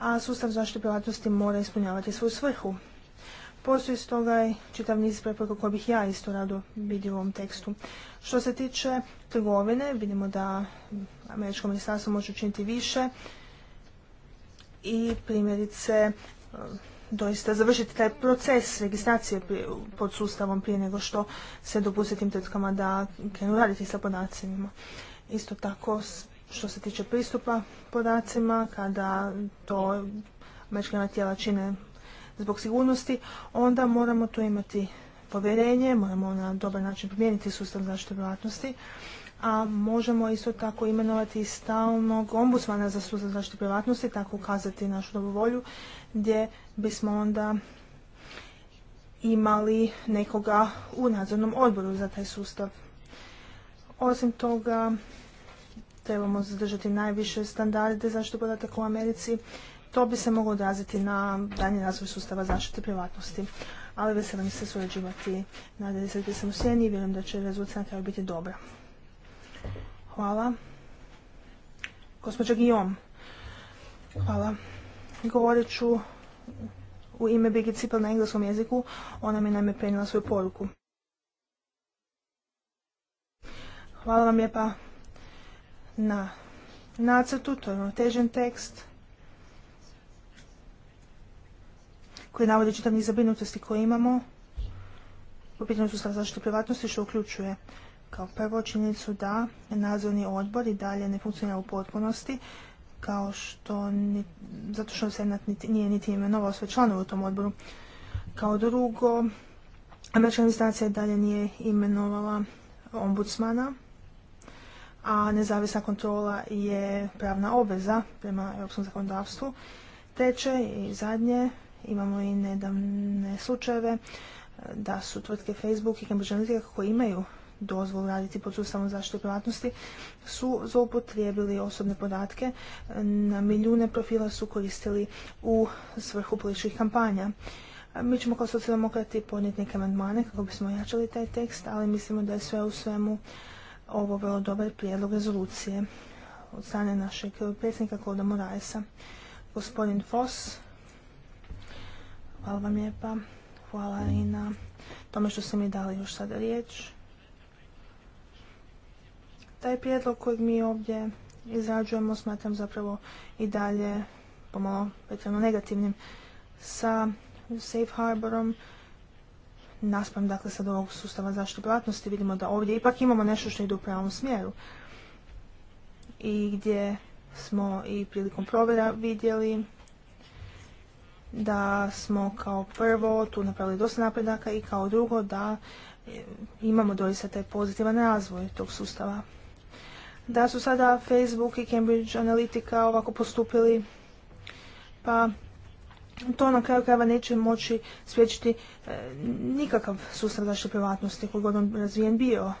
a sustav zaštite privatnosti mora ispunjavati svoju svrhu. Postoji stoga i čitav niz preporuka koje bih ja isto rado vidio u ovom tekstu. Što se tiče trgovine, vidimo da američko ministarstvo može učiniti više i primjerice e, doista završiti taj proces registracije pod sustavom prije nego što se dopusti tim tvrtkama da krenu raditi sa podacima. Isto tako što se tiče pristupa podacima, kada to američka tijela čine zbog sigurnosti, onda moramo tu imati povjerenje, moramo na dobar način promijeniti sustav zaštite privatnosti, a možemo isto tako imenovati stalnog ombudsmana za sustav zaštite privatnosti, tako ukazati našu dobu volju, gdje bismo onda imali nekoga u nadzornom odboru za taj sustav. Osim toga, trebamo zadržati najviše standarde zaštite podataka u Americi. To bi se moglo odraziti na danji razvoj sustava zaštite privatnosti. Ali veselim se surađivati na desetke sam u sjeni i vjerujem da će rezultat na kraju biti dobra. Hvala. Gospođa Gijom. Hvala. Govorit ću u ime Birgit Cipel na engleskom jeziku. Ona mi najme prenijela svoju poruku. Hvala vam lijepa na nacrtu, to je ono težen tekst koji navodi čitav niz zabrinutosti koje imamo u pitanju sustava zaštite privatnosti što uključuje kao prvo činjenicu da nadzorni odbor i dalje ne funkcionira u potpunosti kao što zato što se nije niti imenovao sve članove u tom odboru. Kao drugo, američka administracija dalje nije imenovala ombudsmana a nezavisna kontrola je pravna obveza prema europskom zakonodavstvu. Teče i zadnje, imamo i nedavne slučajeve e, da su tvrtke Facebook i Cambridge Analytica imaju dozvolu raditi pod sustavom zaštite privatnosti su zloupotrijebili osobne podatke, e, na milijune profila su koristili u svrhu političkih kampanja. E, mi ćemo kao socijaldemokrati podnijeti neke amandmane kako bismo ojačali taj tekst, ali mislimo da je sve u svemu ovo vrlo dobar prijedlog rezolucije od strane našeg predsjednika Kloda Moraesa. Gospodin Foss, hvala vam lijepa. Hvala i na tome što ste mi dali još sada riječ. Taj prijedlog kojeg mi ovdje izrađujemo smatram zapravo i dalje pomalo negativnim sa Safe Harborom naspram dakle sad ovog sustava zaštite privatnosti vidimo da ovdje ipak imamo nešto što ide u pravom smjeru i gdje smo i prilikom provjera vidjeli da smo kao prvo tu napravili dosta napredaka i kao drugo da e, imamo doista taj pozitivan razvoj tog sustava. Da su sada Facebook i Cambridge Analytica ovako postupili, pa to na kraju krajeva neće moći spriječiti e, nikakav sustav zaštite privatnosti koji god on razvijen bio.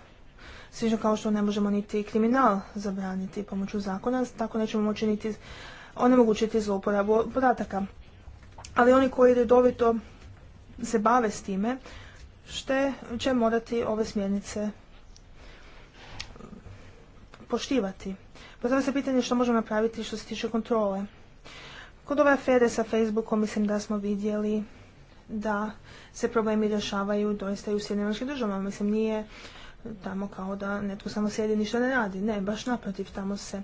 Svično kao što ne možemo niti kriminal zabraniti pomoću zakona, tako nećemo moći niti onemogućiti zlouporabu podataka. Ali oni koji redovito se bave s time, šte će morati ove smjernice poštivati. Postavlja se pitanje što možemo napraviti što se tiče kontrole. Kod ove afere sa Facebookom mislim da smo vidjeli da se problemi rješavaju doista i u Sjedinjenim državama. Mislim, nije tamo kao da netko samo sjedi ništa ne radi. Ne, baš naprotiv, tamo se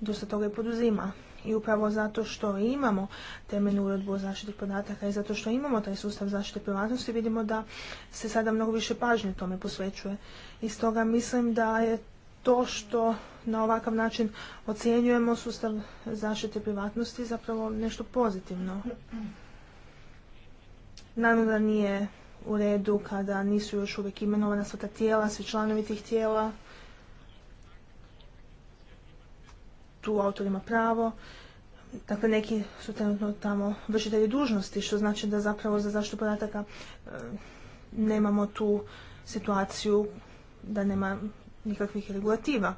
dosta toga i poduzima. I upravo zato što imamo temeljnu uredbu o zaštiti podataka i zato što imamo taj sustav zaštite privatnosti, vidimo da se sada mnogo više pažnje tome posvećuje. I stoga mislim da je to što na ovakav način ocjenjujemo sustav zaštite privatnosti zapravo nešto pozitivno. Naravno da nije u redu kada nisu još uvijek imenovana sva ta tijela, svi članovi tih tijela. Tu autor ima pravo. Dakle, neki su trenutno tamo vršitelji dužnosti, što znači da zapravo za zaštitu podataka e, nemamo tu situaciju da nema nikakvih regulativa.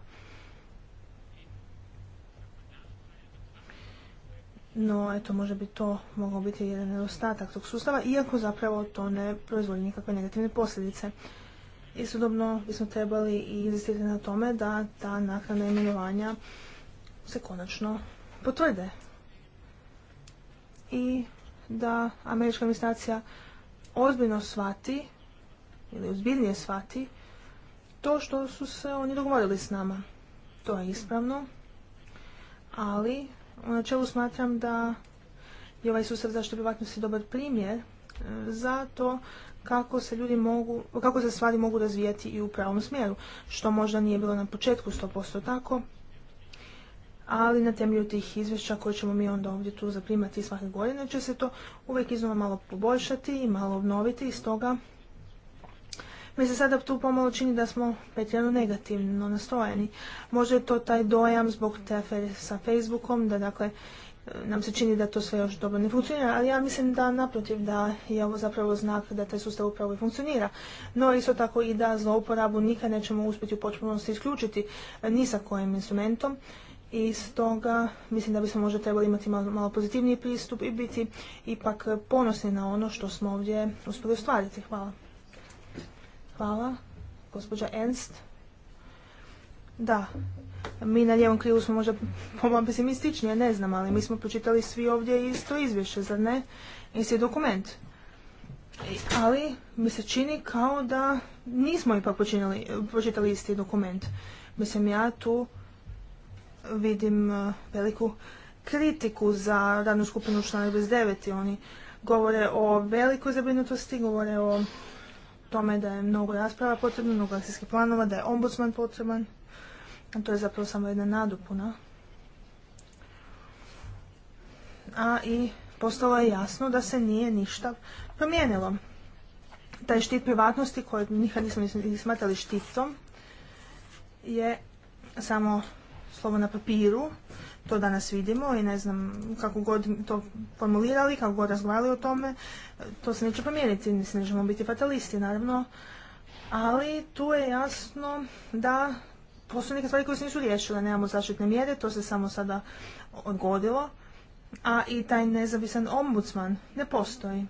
No, eto, može bi to mogao biti jedan nedostatak tog sustava, iako zapravo to ne proizvodi nikakve negativne posljedice. Istodobno bismo trebali i na tome da ta naknada imenovanja se konačno potvrde. I da američka administracija ozbiljno shvati ili ozbiljnije shvati to što su se oni dogovorili s nama. To je ispravno, ali u načelu smatram da je ovaj sustav zaštite privatnosti dobar primjer e, za to kako se ljudi mogu, kako se stvari mogu razvijati i u pravom smjeru, što možda nije bilo na početku 100% tako, ali na temelju tih izvješća koje ćemo mi onda ovdje tu zaprimati svake godine će se to uvijek iznova malo poboljšati i malo obnoviti i stoga mi se sada tu pomalo čini da smo petljeno negativno nastrojeni. Može je to taj dojam zbog te afere sa Facebookom, da dakle nam se čini da to sve još dobro ne funkcionira, ali ja mislim da naprotiv da je ovo zapravo znak da taj sustav upravo i funkcionira. No isto tako i da zlouporabu nikad nećemo uspjeti u potpunosti isključiti ni sa kojim instrumentom i stoga mislim da bismo možda trebali imati malo, malo pozitivniji pristup i biti ipak ponosni na ono što smo ovdje uspjeli ostvariti. Hvala. Hvala. Gospođa Ernst. Da, mi na ljevom krilu smo možda pomalo pesimističnije, ne znam, ali mi smo pročitali svi ovdje isto izvješće, zar ne? Isti dokument. E, ali mi se čini kao da nismo ipak počinjali, pročitali isti dokument. Mislim, ja tu vidim e, veliku kritiku za radnu skupinu članak 29. Oni govore o velikoj zabrinutosti, govore o tome da je mnogo rasprava potrebno, mnogo akcijskih planova, da je ombudsman potreban. A to je zapravo samo jedna nadopuna. A i postalo je jasno da se nije ništa promijenilo. Taj štit privatnosti koji nikad nismo smatrali štitom je samo slovo na papiru to danas vidimo i ne znam kako god to formulirali, kako god razgovarali o tome, to se neće promijeniti, mislim, nećemo biti fatalisti, naravno. Ali tu je jasno da postoje neke stvari koje se nisu riješile, nemamo zaštitne mjere, to se samo sada odgodilo, a i taj nezavisan ombudsman ne postoji.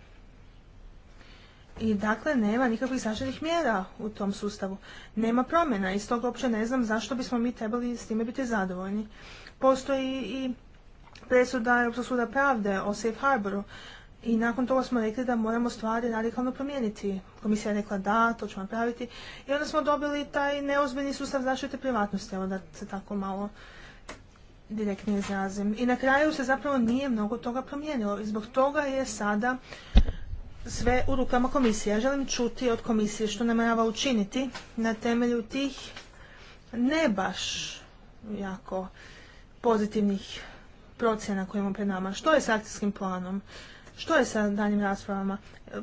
I dakle, nema nikakvih zaštitnih mjera u tom sustavu. Nema promjena i stoga uopće ne znam zašto bismo mi trebali s time biti zadovoljni postoji i presuda Europskog suda pravde o Safe Harboru. I nakon toga smo rekli da moramo stvari radikalno promijeniti. Komisija je rekla da, to ćemo napraviti. I onda smo dobili taj neozbiljni sustav zaštite privatnosti, evo da se tako malo direktnije izrazim. I na kraju se zapravo nije mnogo toga promijenilo. I zbog toga je sada sve u rukama komisije. Ja želim čuti od komisije što namjerava učiniti na temelju tih ne baš jako pozitivnih procjena koje imamo pred nama. Što je s akcijskim planom? Što je sa danjim raspravama?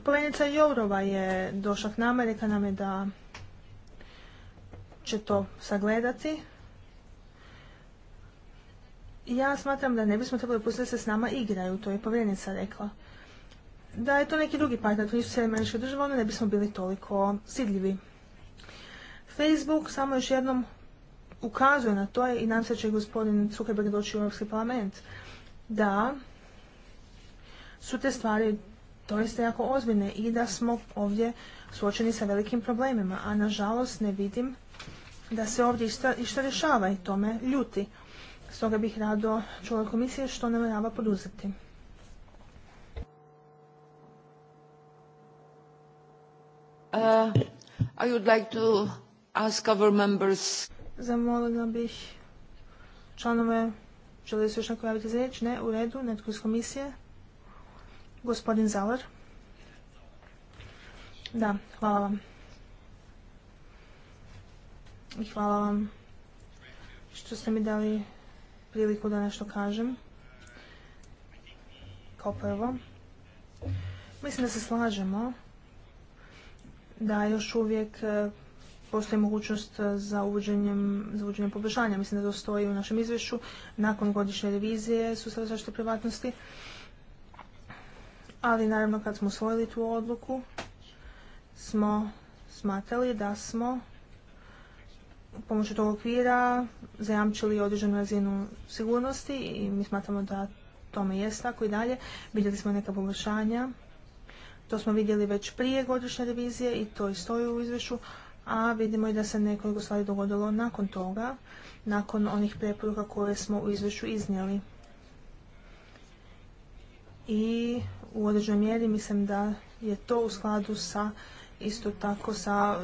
Povjerenica Jourova je došla k nama i rekla nam je da će to sagledati. Ja smatram da ne bismo trebali pustiti da se s nama igraju, to je povjerenica rekla. Da je to neki drugi partner, to nisu sve države, onda ne bismo bili toliko sidljivi. Facebook, samo još jednom ukazuje na to i nam se će gospodin Zuckerberg doći u Europski parlament da su te stvari doista jako ozbiljne i da smo ovdje suočeni sa velikim problemima, a nažalost ne vidim da se ovdje išta, rješava i tome ljuti. Stoga bih rado čula komisije što namjerava poduzeti. Uh, I would like to ask our members Zamolila bih članove, želi se još neko javiti za riječ? Ne, u redu, netko iz komisije. Gospodin Zalar. Da, hvala vam. I hvala vam što ste mi dali priliku da nešto kažem. Kao prvo, mislim da se slažemo da još uvijek postoji mogućnost e, za uvođenjem, za uvođenjem poboljšanja. Mislim da to stoji u našem izvješću nakon godišnje revizije sustava zaštite privatnosti. Ali naravno kad smo usvojili tu odluku smo smatrali da smo pomoću tog okvira zajamčili određenu razinu sigurnosti i mi smatramo da tome jest tako i dalje. Vidjeli smo neka poboljšanja. To smo vidjeli već prije godišnje revizije i to i stoji u izvješću a vidimo i da se nekoliko stvari dogodilo nakon toga, nakon onih preporuka koje smo u izvješću iznijeli. I u određenoj mjeri mislim da je to u skladu sa isto tako sa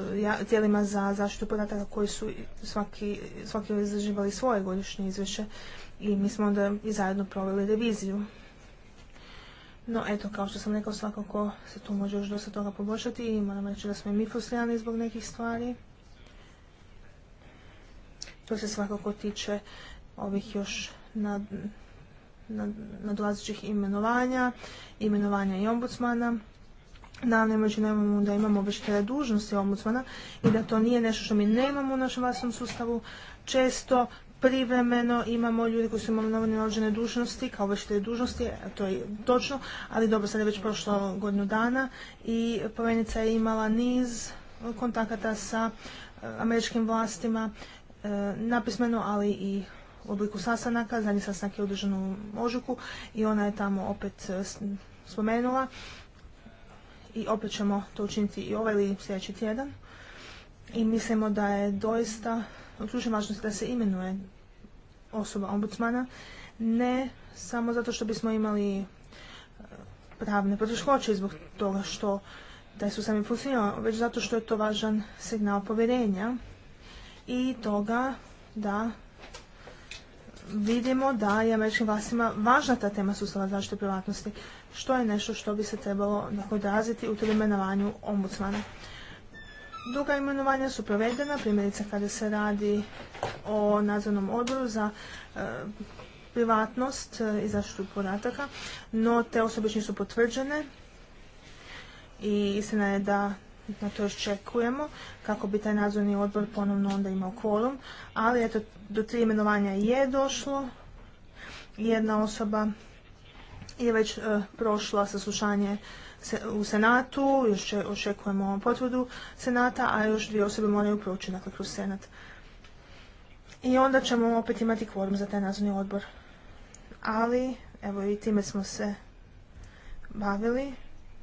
tijelima za zaštitu podataka koji su svaki, svaki izraživali svoje godišnje izvješće i mi smo onda i zajedno proveli reviziju. No eto, kao što sam rekao, svakako se tu može još dosta toga poboljšati i moram reći da smo i mi frustrirani zbog nekih stvari. To se svakako tiče ovih još nad, imenovanja, imenovanja i ombudsmana. Naravno, imajući nemamo da imamo već te dužnosti ombudsmana i da to nije nešto što mi nemamo u našem vlastnom sustavu. Često privremeno imamo ljudi koji su imali na dužnosti, kao već te dužnosti, to je točno, ali dobro, sad je već prošlo godinu dana i povenica je imala niz kontakata sa eh, američkim vlastima, eh, napismeno, ali i u obliku sastanaka. Zadnji sastanak je održan u Ožuku i ona je tamo opet eh, spomenula i opet ćemo to učiniti i ovaj ili sljedeći tjedan. I mislimo da je doista od slučaju važnosti da se imenuje osoba ombudsmana, ne samo zato što bismo imali e, pravne poteškoće zbog toga što da su sami funkcionirali, već zato što je to važan signal povjerenja i toga da vidimo da je američkim vlastima važna ta tema sustava zaštite privatnosti, što je nešto što bi se trebalo dakle, odraziti u tome imenovanju ombudsmana. Druga imenovanja su provedena, primjerice kada se radi o nadzornom odboru za e, privatnost e, i zaštitu podataka, no te osobe su potvrđene i istina je da na to još čekujemo kako bi taj nadzorni odbor ponovno onda imao kolum. ali eto do tri imenovanja je došlo, jedna osoba je već e, prošla saslušanje u Senatu, još očekujemo potvrdu Senata, a još dvije osobe moraju proći dakle, kroz Senat. I onda ćemo opet imati kvorum za taj nadzorni odbor. Ali, evo i time smo se bavili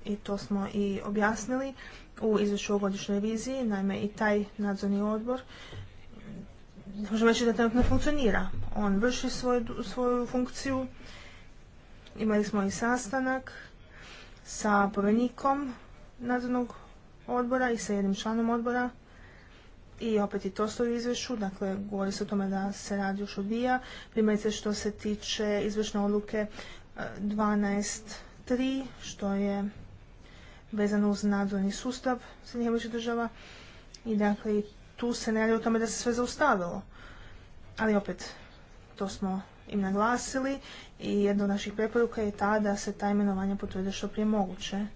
i to smo i objasnili u izvješću o godišnjoj reviziji, naime i taj nadzorni odbor možemo reći da trenutno funkcionira. On vrši svoju, svoju funkciju, imali smo i sastanak sa povjerenikom nadzornog odbora i sa jednim članom odbora i opet i to stoji u izvješću, dakle govori se o tome da se radi još odvija. Primjerice što se tiče izvršne odluke 12.3 e, što je vezano uz nadzorni sustav Sjedinjenih država i dakle tu se ne radi o tome da se sve zaustavilo. Ali opet, to smo im naglasili i jedna od naših preporuka je ta da se ta imenovanja potvrde što prije moguće.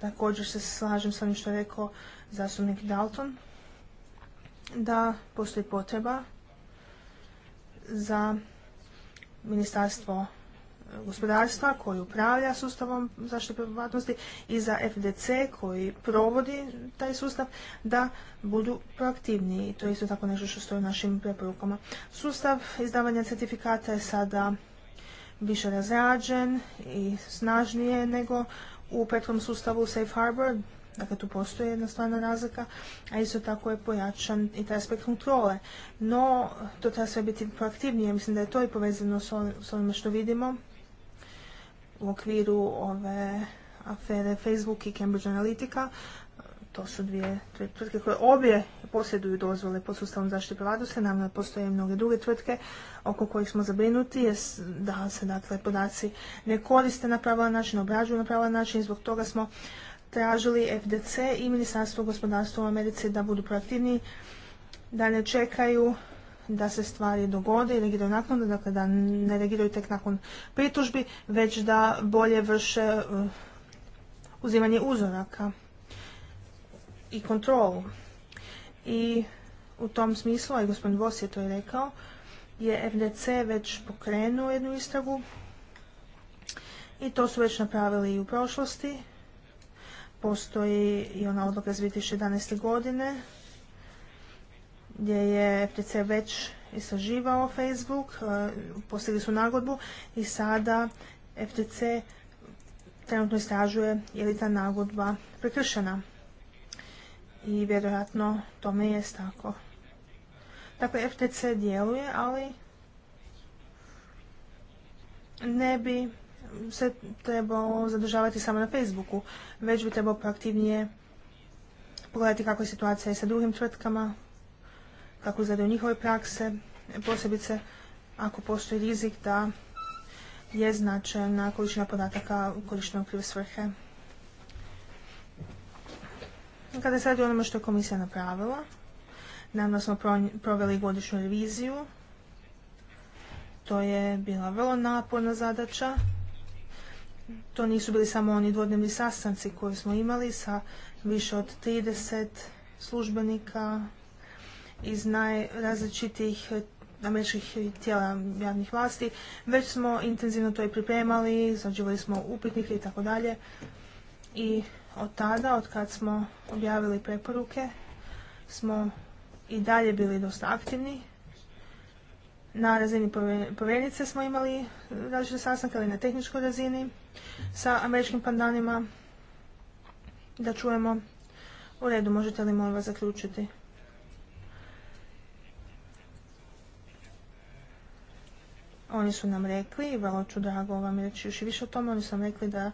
Također se slažem s onim što je rekao zastupnik Dalton, da postoji potreba za ministarstvo gospodarstva koji upravlja sustavom zaštite privatnosti i za FDC koji provodi taj sustav da budu proaktivniji. To je isto tako nešto što stoji u našim preporukama. Sustav izdavanja certifikata je sada više razrađen i snažnije nego u petkom sustavu Safe Harbor, dakle tu postoji jedna stvarna razlika, a isto tako je pojačan i taj aspekt kontrole. No, to treba sve biti proaktivnije, mislim da je to i povezano s, onima što vidimo u okviru ove afere Facebook i Cambridge Analytica. To su dvije tvrtke koje obje posjeduju dozvole pod sustavom zaštite privatnosti. Naravno postoje i mnoge druge tvrtke oko kojih smo zabrinuti jer da se dakle podaci ne koriste na pravilan način, obrađuju na pravilan način i zbog toga smo tražili FDC i Ministarstvo gospodarstva u Americi da budu proaktivniji, da ne čekaju da se stvari dogode i reagiraju naknadno, dakle da ne reagiraju tek nakon pritužbi, već da bolje vrše uh, uzimanje uzoraka i kontrolu. I u tom smislu, a i gospodin Vos je to i rekao, je FDC već pokrenuo jednu istragu i to su već napravili i u prošlosti. Postoji i ona odluka iz 2011. godine gdje je FTC već istraživao Facebook, e, postigli su nagodbu i sada FTC trenutno istražuje je li ta nagodba prekršena. I vjerojatno tome jest tako. Dakle, FTC djeluje, ali ne bi se trebao zadržavati samo na Facebooku, već bi trebao proaktivnije pogledati kakva je situacija i sa drugim tvrtkama, kako izgledaju njihove prakse, posebice ako postoji rizik da je značajna količina podataka u u krive svrhe. Kada se radi onome što je komisija napravila, naravno smo proveli godišnju reviziju. To je bila vrlo naporna zadaća. To nisu bili samo oni dvodnevni sastanci koje smo imali sa više od 30 službenika, iz najrazličitih eh, američkih tijela javnih vlasti. Već smo intenzivno to i pripremali, zađivali smo upitnike i tako dalje. I od tada, od kad smo objavili preporuke, smo i dalje bili dosta aktivni. Na razini povjerenice smo imali različite sastanke, ali na tehničkoj razini sa američkim pandanima da čujemo. U redu, možete li molim vas zaključiti? Oni su nam rekli, vrlo ću drago vam reći još i više o tome, oni su nam rekli da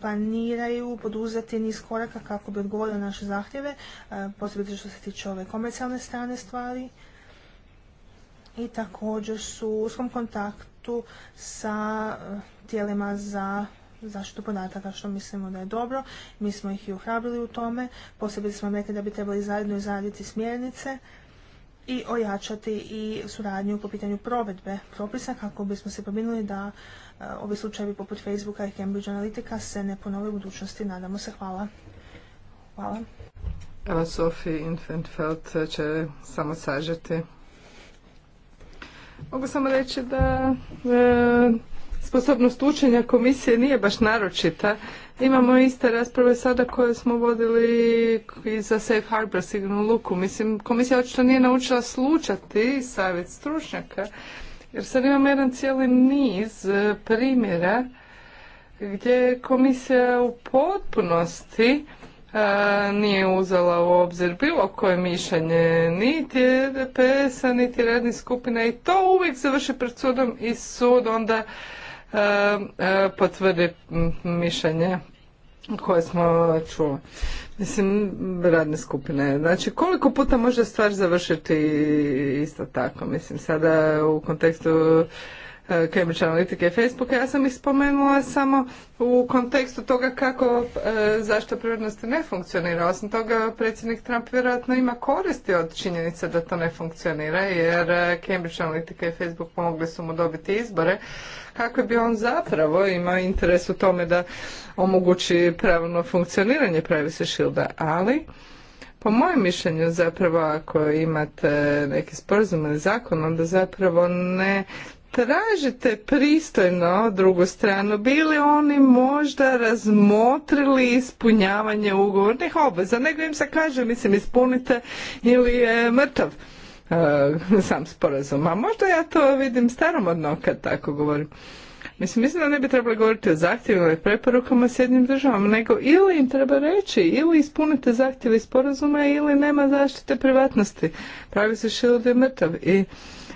planiraju poduzeti niz koraka kako bi odgovorili naše zahtjeve, e, posebno što se tiče ove komercijalne strane stvari. I također su u svom kontaktu sa e, tijelima za zaštitu podataka, što mislimo da je dobro. Mi smo ih i uhrabili u tome. Posebno smo rekli da bi trebali zajedno izraditi smjernice i ojačati i suradnju po pitanju provedbe propisa kako bismo se pobinuli da e, ovi slučajevi poput Facebooka i Cambridge Analytica se ne ponove u budućnosti. Nadamo se. Hvala. Hvala. Evo Sofi Infantfeld će samo sažeti. Mogu samo reći da e, sposobnost učenja komisije nije baš naročita Imamo iste rasprave sada koje smo vodili i za Safe Harbor sigurnu luku. Mislim, komisija očito nije naučila slučati savjet stručnjaka, jer sad imamo jedan cijeli niz e, primjera gdje komisija u potpunosti e, nije uzela u obzir bilo koje mišljenje, niti e DPS-a, niti radnih skupina i to uvijek završi pred sudom i sud onda E, e, potvrdi mišljenje koje smo čuli. Mislim, radne skupine. Znači, koliko puta može stvar završiti isto tako? Mislim, sada u kontekstu E, Cambridge Analytica i Facebooka. Ja sam ih spomenula samo u kontekstu toga kako e, zašto prirodnosti ne funkcionira. Osim toga, predsjednik Trump vjerojatno ima koristi od činjenice da to ne funkcionira, jer e, Cambridge Analytica i Facebook pomogli su mu dobiti izbore. Kako bi on zapravo imao interes u tome da omogući pravilno funkcioniranje Privacy Shielda, ali... Po mojem mišljenju zapravo ako imate neki sporazum ili zakon, onda zapravo ne tražite pristojno drugu stranu, bili oni možda razmotrili ispunjavanje ugovornih obveza, nego im se kaže, mislim, ispunite ili je mrtav e, sam sporazum. A možda ja to vidim staromodno kad tako govorim. Mislim, mislim da ne bi trebalo govoriti o zahtjevima i preporukama s jednim državama, nego ili im treba reći, ili ispunite zahtjeve sporazuma, ili nema zaštite privatnosti. Pravi se šilu je mrtav. I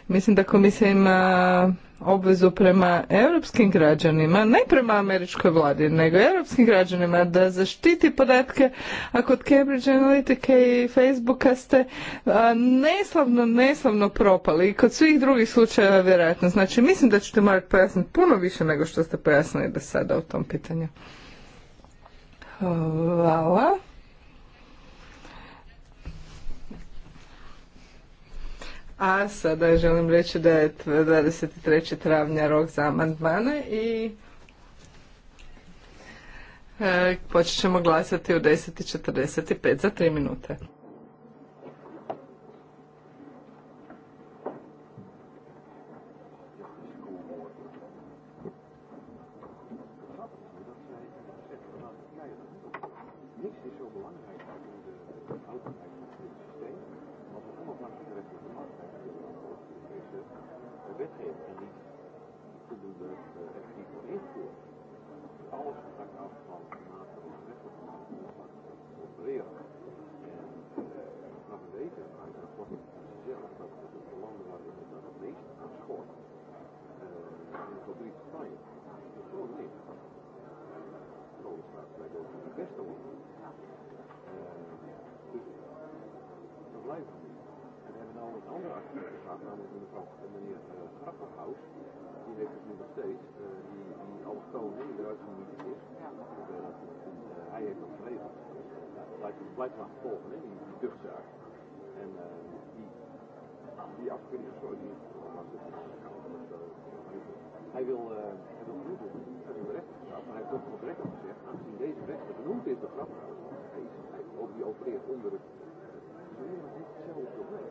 Mislim da komisija ima obvezu prema europskim građanima, ne prema američkoj vladi, nego europskim građanima da zaštiti podatke, a kod Cambridge Analytica i Facebooka ste neslavno, neslavno propali i kod svih drugih slučajeva vjerojatno. Znači, mislim da ćete morati pojasniti puno više nego što ste pojasnili do sada u tom pitanju. Hvala. A sada želim reći da je 23. travnja rok za amandmane i e, počet ćemo glasati u 10.45 za 3 minute. een andere activiteit gaat, namelijk in de van meneer Grappenhout. Die heeft het nu nog steeds, die, die allochtoon die eruit niet is. hij heeft dat geregeld. blijft, blijft maar volgen, hè, die, die duchtzaak. En die, die afkeuring is die was het hij wil, uh, hij wil genoemd worden. Hij wil maar hij heeft toch nog rechter gezegd, aangezien deze rechter genoemd is, de grap, hij, hij, hij opereert onder het. Het is hetzelfde probleem.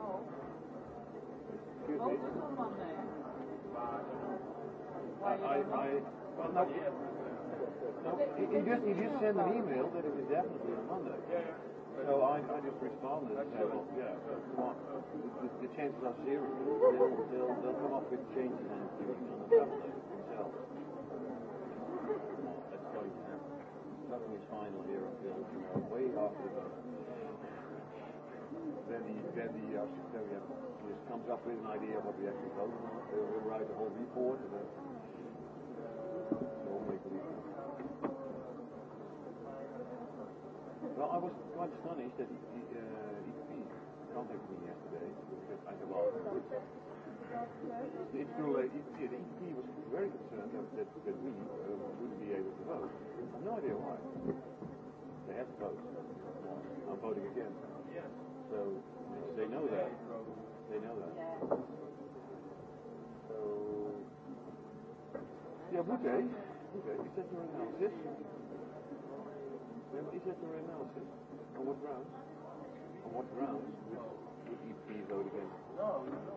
No. Excuse me? I, I, well, not yet. No, just, just an email that it was Yeah, I, I just responded yeah, the, chances are zero. They'll, they'll, they'll come with changes and Nothing is final here way after the Uh, then he, then the uh, secretariat just comes up with an idea of what we actually vote on. They will write a whole report and then make it Well, I was quite astonished that he, he, uh, he contacted me yesterday because I said, well, it's too late. The uh, EP was very concerned that, that, that we uh, wouldn't be able to vote. I have no idea why. They have to vote. I'm voting against. So they know that. They know that. So yeah, okay. Okay. Is that is analysis? On what grounds? On what grounds vote No, no.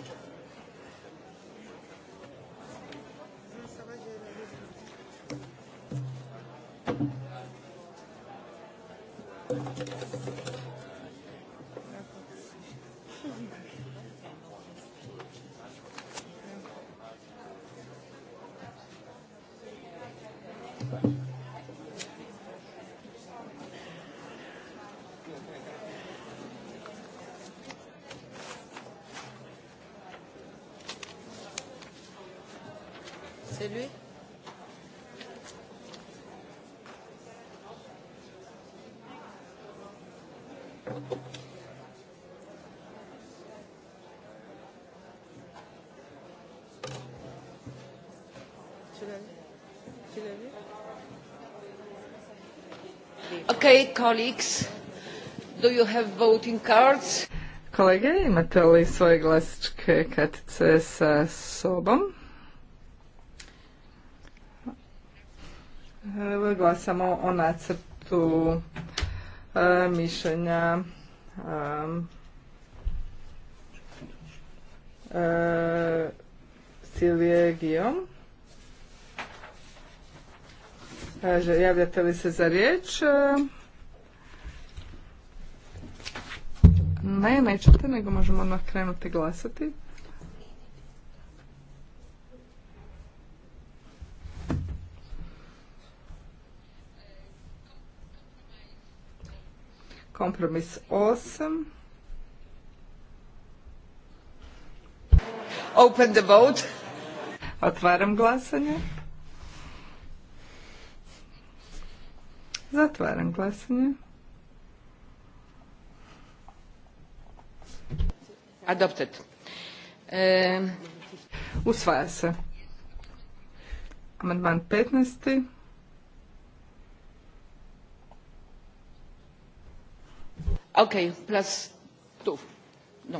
C'est lui Okay, colleagues, do you have voting cards? Kolege, imate li svoje glasičke kartice sa sobom? samo o nacrtu e, mišljenja e, e Silvije Gijom. javljate li se za riječ? E, ne, nećete, nego možemo odmah krenuti glasati. Kompromis 8. Open the vote. Otvaram glasanje. Zatvaram glasanje. Adopted. E, Usvaja se. Amandman 15. Okay, plus two. No.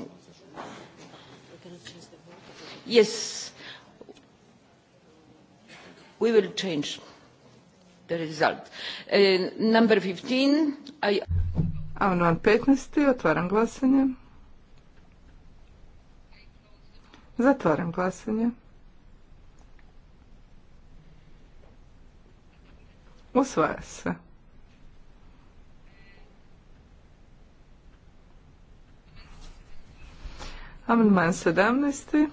Yes. We will change the result. Uh, number 15. I... Amandman 15. Otvaram glasanje. Zatvaram glasanje. Usvaja se. Amandman 17.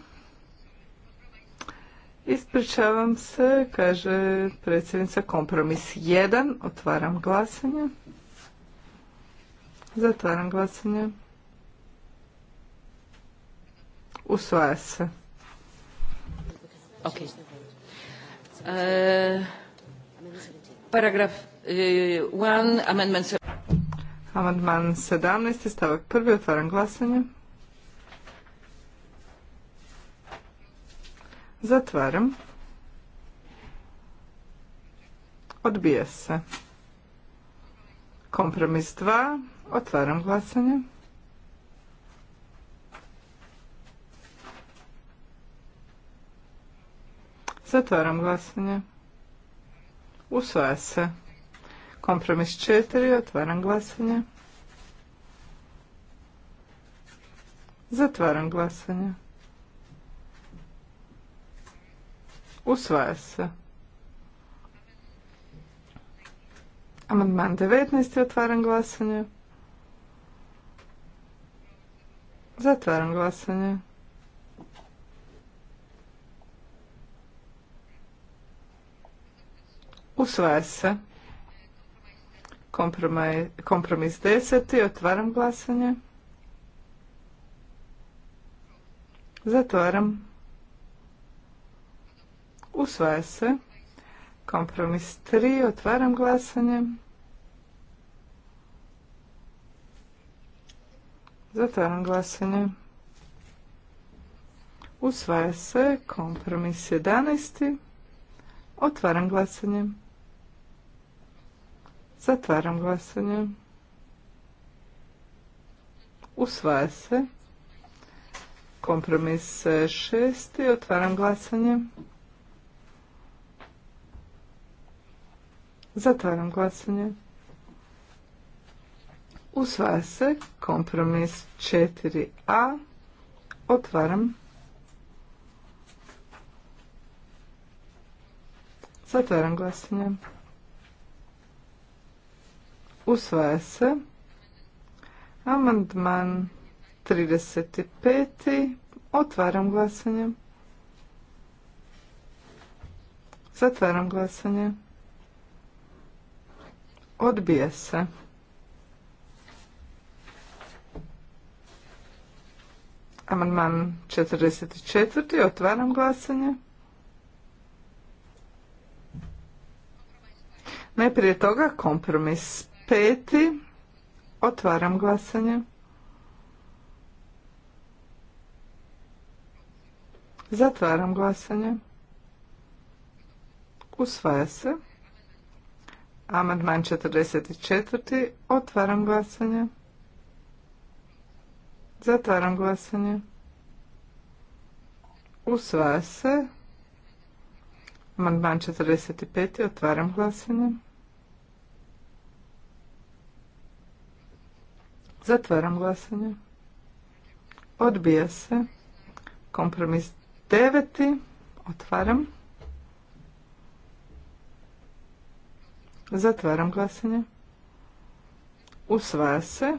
Ispričavam se, kaže predsjednica kompromis 1. Otvaram glasanje. Zatvaram glasanje. Usvaja se. Ok. E, paragraf 1, e, amendment 17. Amandman 17. Stavak 1. Otvaram glasanje. Zatvaram. Odbija se. Kompromis 2. Otvaram glasanje. Zatvaram glasanje. Usvaja se. Kompromis 4. Otvaram glasanje. Zatvaram glasanje. Usvaja se. Amandman 19. Otvaram glasanje. Zatvaram glasanje. Usvaja se. Kompromis 10. Otvaram glasanje. Zatvaram. Usvaja se. Kompromis 3. Otvaram glasanje. Zatvaram glasanje. Usvaja se. Kompromis 11. Otvaram glasanje. Zatvaram glasanje. Usvaja se. Kompromis 6 Otvaram glasanje. Zatvaram glasanje. Usvaja se kompromis 4a. Otvaram. Zatvaram glasanje. Usvaja se. Amandman 35. Otvaram glasanje. Zatvaram glasanje. Odbije se. Amandman 44. Otvaram glasanje. Najprije toga kompromis peti. Otvaram glasanje. Zatvaram glasanje. Usvaja se. Amandman 44. Otvaram glasanje. Zatvaram glasanje. Usvaja se. Amandman 45. Otvaram glasanje. Zatvaram glasanje. Odbija se. Kompromis 9. Otvaram. Zatvaram glasanje. Usvaja se.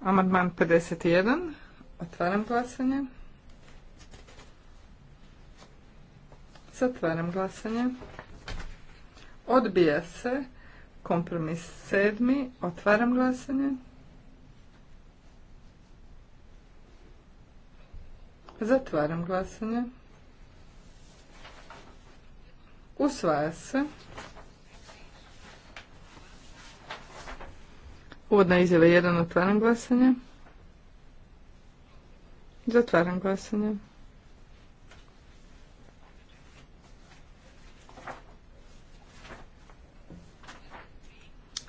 Amandman 51. Otvaram glasanje. Zatvaram glasanje. Odbija se. Kompromis sedmi. Otvaram glasanje. Zatvaram glasanje. Usvaja se. Uvodna izjava 1. Otvaram glasanje. Zatvaram glasanje.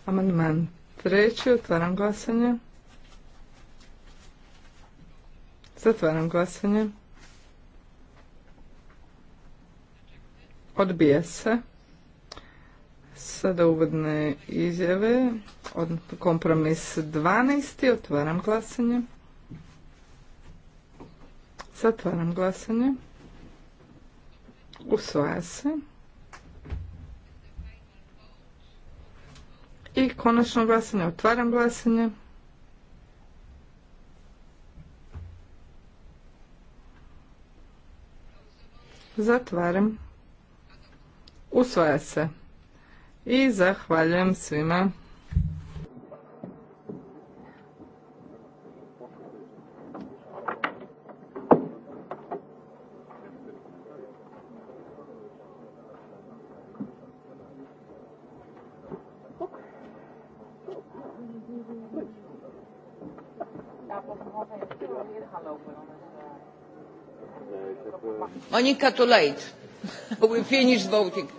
Amandman treći. Otvaram glasanje. Zatvaram glasanje. Odbija se. Sada uvodne izjave. Kompromis 12. Otvaram glasanje. Zatvaram glasanje. Usvaja se. I konačno glasanje. Otvaram glasanje. Zatvaram. Usvaja se. I zahvaljujem svima. Monica, too late. We finished voting.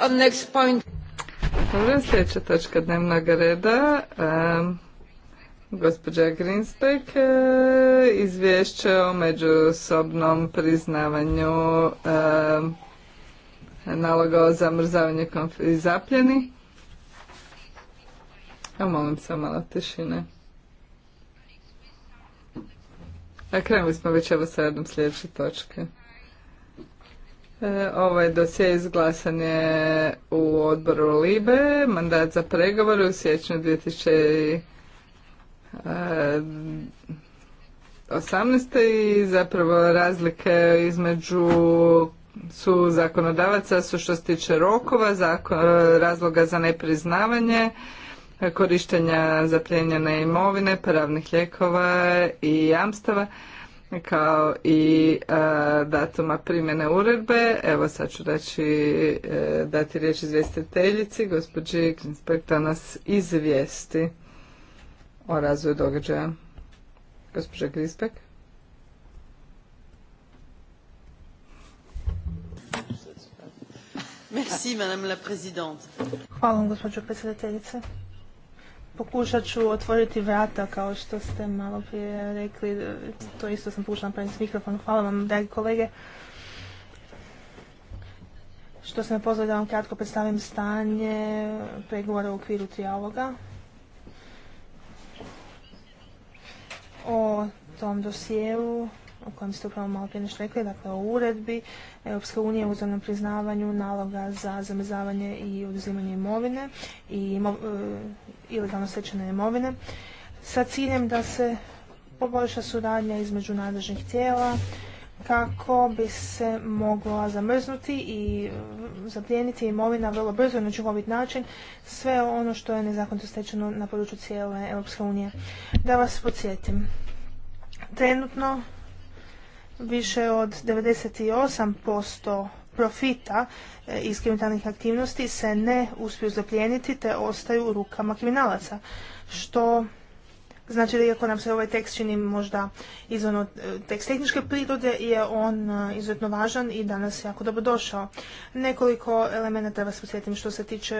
on next point. Dobro, sljedeća točka dnevnog reda. gospođa Grinsbeck, e, izvješće o međusobnom priznavanju naloga o zamrzavanju i zapljeni. Ja molim se malo tišine. A krenuli smo već evo sa jednom sljedeće točke. Ovaj dosje izglasan je u odboru Libe, mandat za pregovore u tisuće 2018. E, i zapravo razlike između su zakonodavaca su što se tiče rokova, e, razloga za nepriznavanje, korištenja zapljenjene imovine, pravnih lijekova i jamstava kao i e, datuma primjene uredbe. Evo sad ću reći, e, dati riječ izvjestiteljici, gospođi inspektor nas izvijesti o razvoju događaja. Gospođa Grispek. Hvala vam, gospođo predsjedateljice. Pokušat ću otvoriti vrata, kao što ste malo prije rekli. To isto sam pokušala napraviti s mikrofonom. Hvala vam, dragi kolege. Što se me pozvali da vam kratko predstavim stanje pregovora u okviru trijaloga. O tom dosjeu o kojem ste upravo malo prije nešto rekli, dakle o uredbi Europske unije o uzornom priznavanju naloga za zamrzavanje i oduzimanje imovine i e, ilegalno stečene imovine sa ciljem da se poboljša suradnja između nadležnih tijela kako bi se mogla zamrznuti i e, zaplijeniti imovina vrlo brzo i na učinkovit način sve ono što je nezakonito stečeno na području cijele Europske unije. Da vas podsjetim, trenutno više od 98% profita e, iz kriminalnih aktivnosti se ne uspiju zaplijeniti te ostaju u rukama kriminalaca, što Znači da iako nam se ovaj tekst čini možda izvan ono, e, tekst tehničke prirode, je on e, izuzetno važan i danas jako dobro došao. Nekoliko elemenata vas posjetim što se tiče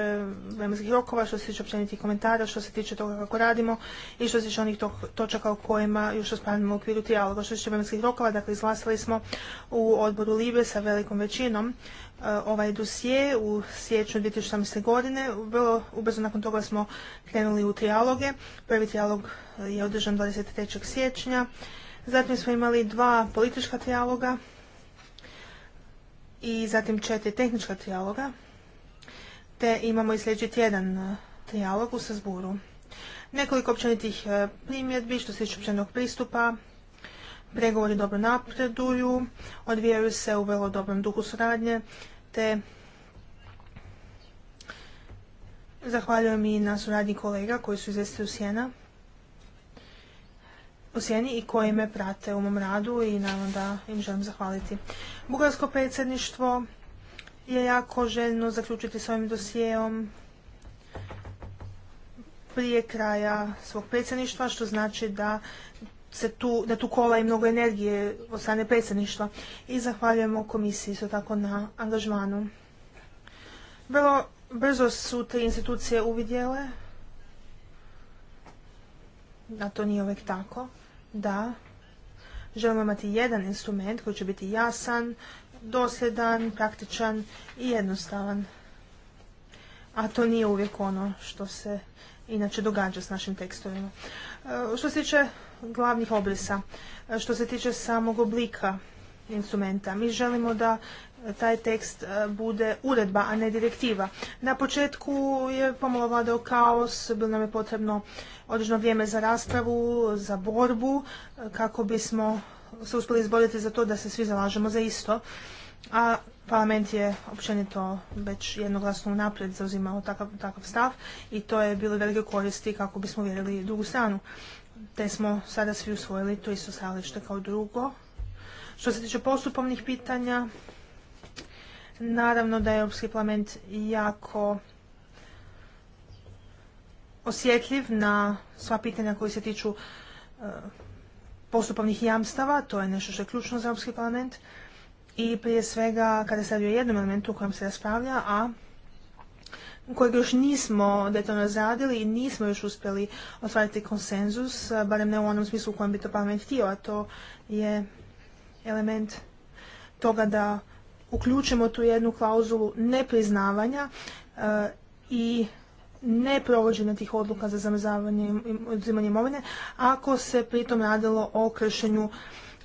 vremenskih rokova, što se tiče općenitih komentara, što se tiče toga kako radimo i što se tiče onih točaka o kojima još raspravljamo u okviru trijaloga. Što se tiče vremenskih rokova, dakle izglasali smo u odboru Libe sa velikom većinom E, ovaj dosije u siječnju 2018. godine. Vrlo ubrzo nakon toga smo krenuli u trijaloge. Prvi trijalog je održan 23. siječnja. Zatim smo imali dva politička trijaloga i zatim četiri tehnička trijaloga. Te imamo i sljedeći tjedan e, trijalog u Sazburu. Nekoliko općenitih e, primjedbi što se tiče općenog pristupa, pregovori dobro napreduju, odvijaju se u vrlo dobrom duhu suradnje te zahvaljujem i na suradnji kolega koji su izvesti u Sjena Sjeni i koji me prate u mom radu i naravno da im želim zahvaliti. Bugarsko predsjedništvo je jako željno zaključiti s ovim dosijeom prije kraja svog predsjedništva, što znači da se tu, da tu kola i mnogo energije od strane predsjedništva i zahvaljujemo komisiji isto tako na angažmanu. Vrlo brzo su te institucije uvidjele da to nije uvijek tako, da želimo imati jedan instrument koji će biti jasan, dosljedan, praktičan i jednostavan. A to nije uvijek ono što se inače događa s našim tekstovima. E, što se tiče glavnih obrisa, e, što se tiče samog oblika instrumenta, mi želimo da taj tekst e, bude uredba, a ne direktiva. Na početku je pomalo vladao kaos, bilo nam je potrebno određeno vrijeme za raspravu, za borbu, kako bismo se uspjeli izboriti za to da se svi zalažemo za isto a parlament je općenito već jednoglasno unaprijed zauzimao takav, takav stav i to je bilo velike koristi kako bismo vjerili drugu stranu. Te smo sada svi usvojili to isto stajalište kao drugo. Što se tiče postupovnih pitanja, naravno da je Europski parlament jako osjetljiv na sva pitanja koji se tiču e, postupovnih jamstava, to je nešto što je ključno za Europski parlament i prije svega kada se radi o jednom elementu u kojem se raspravlja, a kojeg još nismo detaljno razradili i nismo još uspjeli ostvariti konsenzus, barem ne u onom smislu u kojem bi to parlament htio, a to je element toga da uključimo tu jednu klauzulu nepriznavanja i eh, i neprovođenja tih odluka za zamrzavanje i imovine, ako se pritom radilo o kršenju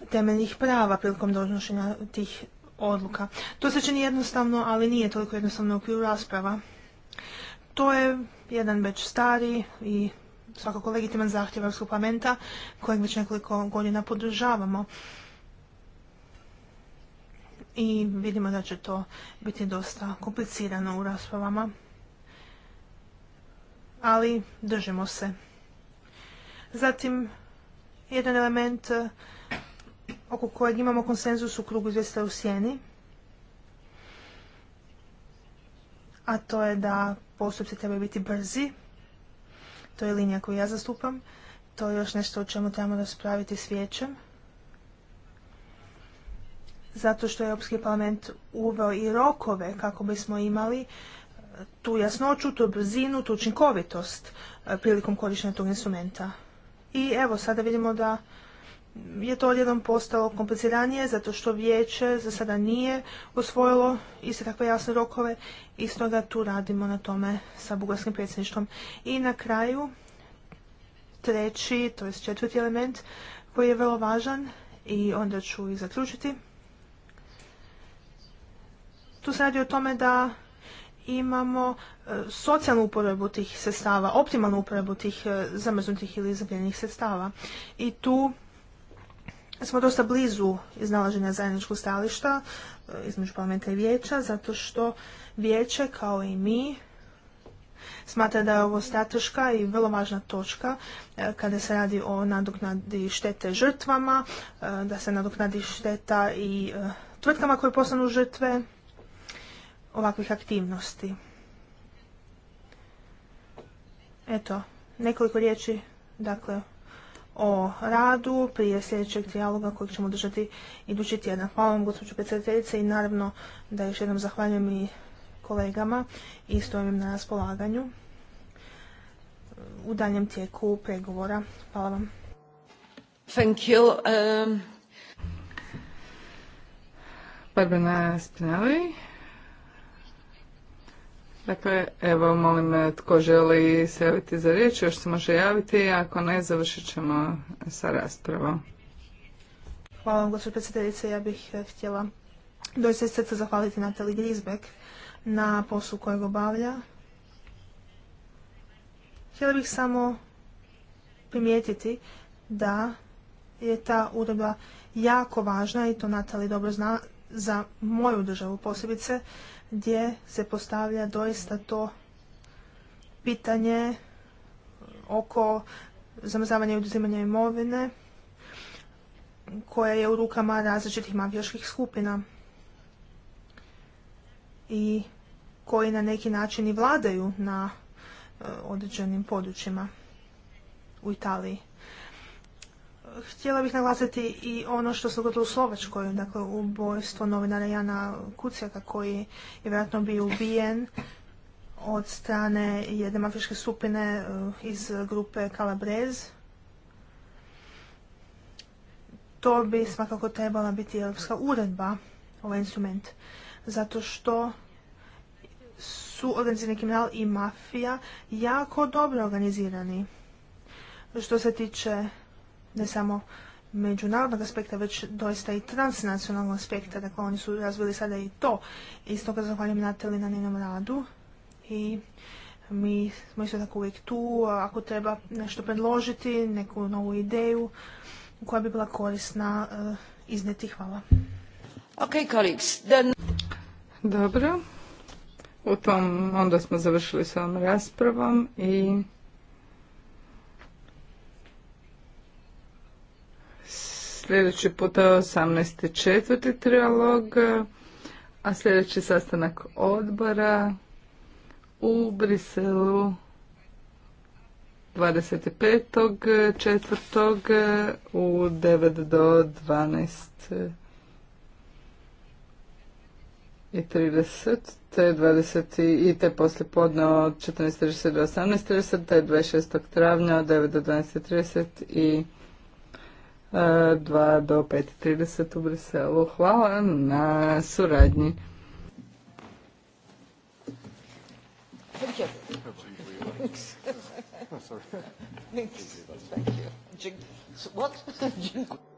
temeljnih prava prilikom donošenja tih odluka. To se čini jednostavno, ali nije toliko jednostavno u okviru rasprava. To je jedan već stari i svakako legitiman zahtjev Europskog parlamenta kojeg već nekoliko godina podržavamo. I vidimo da će to biti dosta komplicirano u raspravama. Ali držimo se. Zatim, jedan element oko kojeg imamo konsenzus u krugu izvjesta u sjeni, a to je da postupci trebaju biti brzi. To je linija koju ja zastupam. To je još nešto o čemu trebamo raspraviti s vijećem. Zato što je Europski parlament uveo i rokove kako bismo imali e, tu jasnoću, tu brzinu, tu učinkovitost e, prilikom korištenja tog instrumenta. I evo, sada vidimo da je to odjednom postalo kompliciranije zato što vijeće za sada nije osvojilo iste takve jasne rokove i stoga tu radimo na tome sa bugarskim predsjedništvom. I na kraju treći, to je četvrti element koji je vrlo važan i onda ću i zaključiti. Tu se radi o tome da imamo e, socijalnu uporabu tih sredstava, optimalnu uporabu tih e, zamrznutih ili izabljenih sredstava. I tu smo dosta blizu iznalaženja zajedničkog stališta e, između parlamenta i vijeća, zato što vijeće, kao i mi, smatra da je ovo strateška i vrlo važna točka e, kada se radi o nadoknadi štete žrtvama, e, da se nadoknadi šteta i tvrtkama koje postanu žrtve ovakvih aktivnosti. Eto, nekoliko riječi, dakle, o radu prije sljedećeg dijaloga kojeg ćemo držati idući tjedan. Hvala vam gospođo predsjedateljice i naravno da još jednom zahvaljujem i kolegama i stojim na raspolaganju u daljem tijeku pregovora. Hvala vam. Thank you. Um... Barbara Dakle, evo molim e, tko želi se javiti za riječ, još se može javiti, ako ne, završit ćemo sa raspravom. Hvala vam, gospođo Ja bih e, htjela doista iz srca zahvaliti Natali Grisbeck na poslu kojeg obavlja. Htjela bih samo primijetiti da je ta uredba jako važna i to Natali dobro zna za moju državu posebice gdje se postavlja doista to pitanje oko zamrzavanja i oduzimanja imovine koja je u rukama različitih mafijaških skupina i koji na neki način i vladaju na e, određenim područjima u Italiji htjela bih naglasiti i ono što se gotovo u Slovačkoj, dakle ubojstvo novinara Jana Kucijaka koji je vjerojatno bio ubijen od strane jedne mafiške skupine eh, iz grupe Kalabrez. To bi svakako trebala biti europska uredba, ovaj instrument, zato što su organizirani kriminal i mafija jako dobro organizirani. Što se tiče ne samo međunarodnog aspekta, već doista i transnacionalnog aspekta. Dakle, oni su razvili sada i to. I stoga zahvaljujem Natali na njenom radu. I mi smo isto tako uvijek tu. Ako treba nešto predložiti, neku novu ideju koja bi bila korisna eh, izneti. Hvala. Dobro. U tom onda smo završili s ovom raspravom i sljedeći put 18 četvrti trialog, a sljedeći sastanak odbora u Briselu 25. četvrtog u 9 do 12 i 30, te 20 i te poslje podne od 14.30 do 18.30, te 26. travnja od 9 do 12.30 i 2 do 5.30 u Briselu. Hvala na suradnji. Thank you. Thank you. Thank you.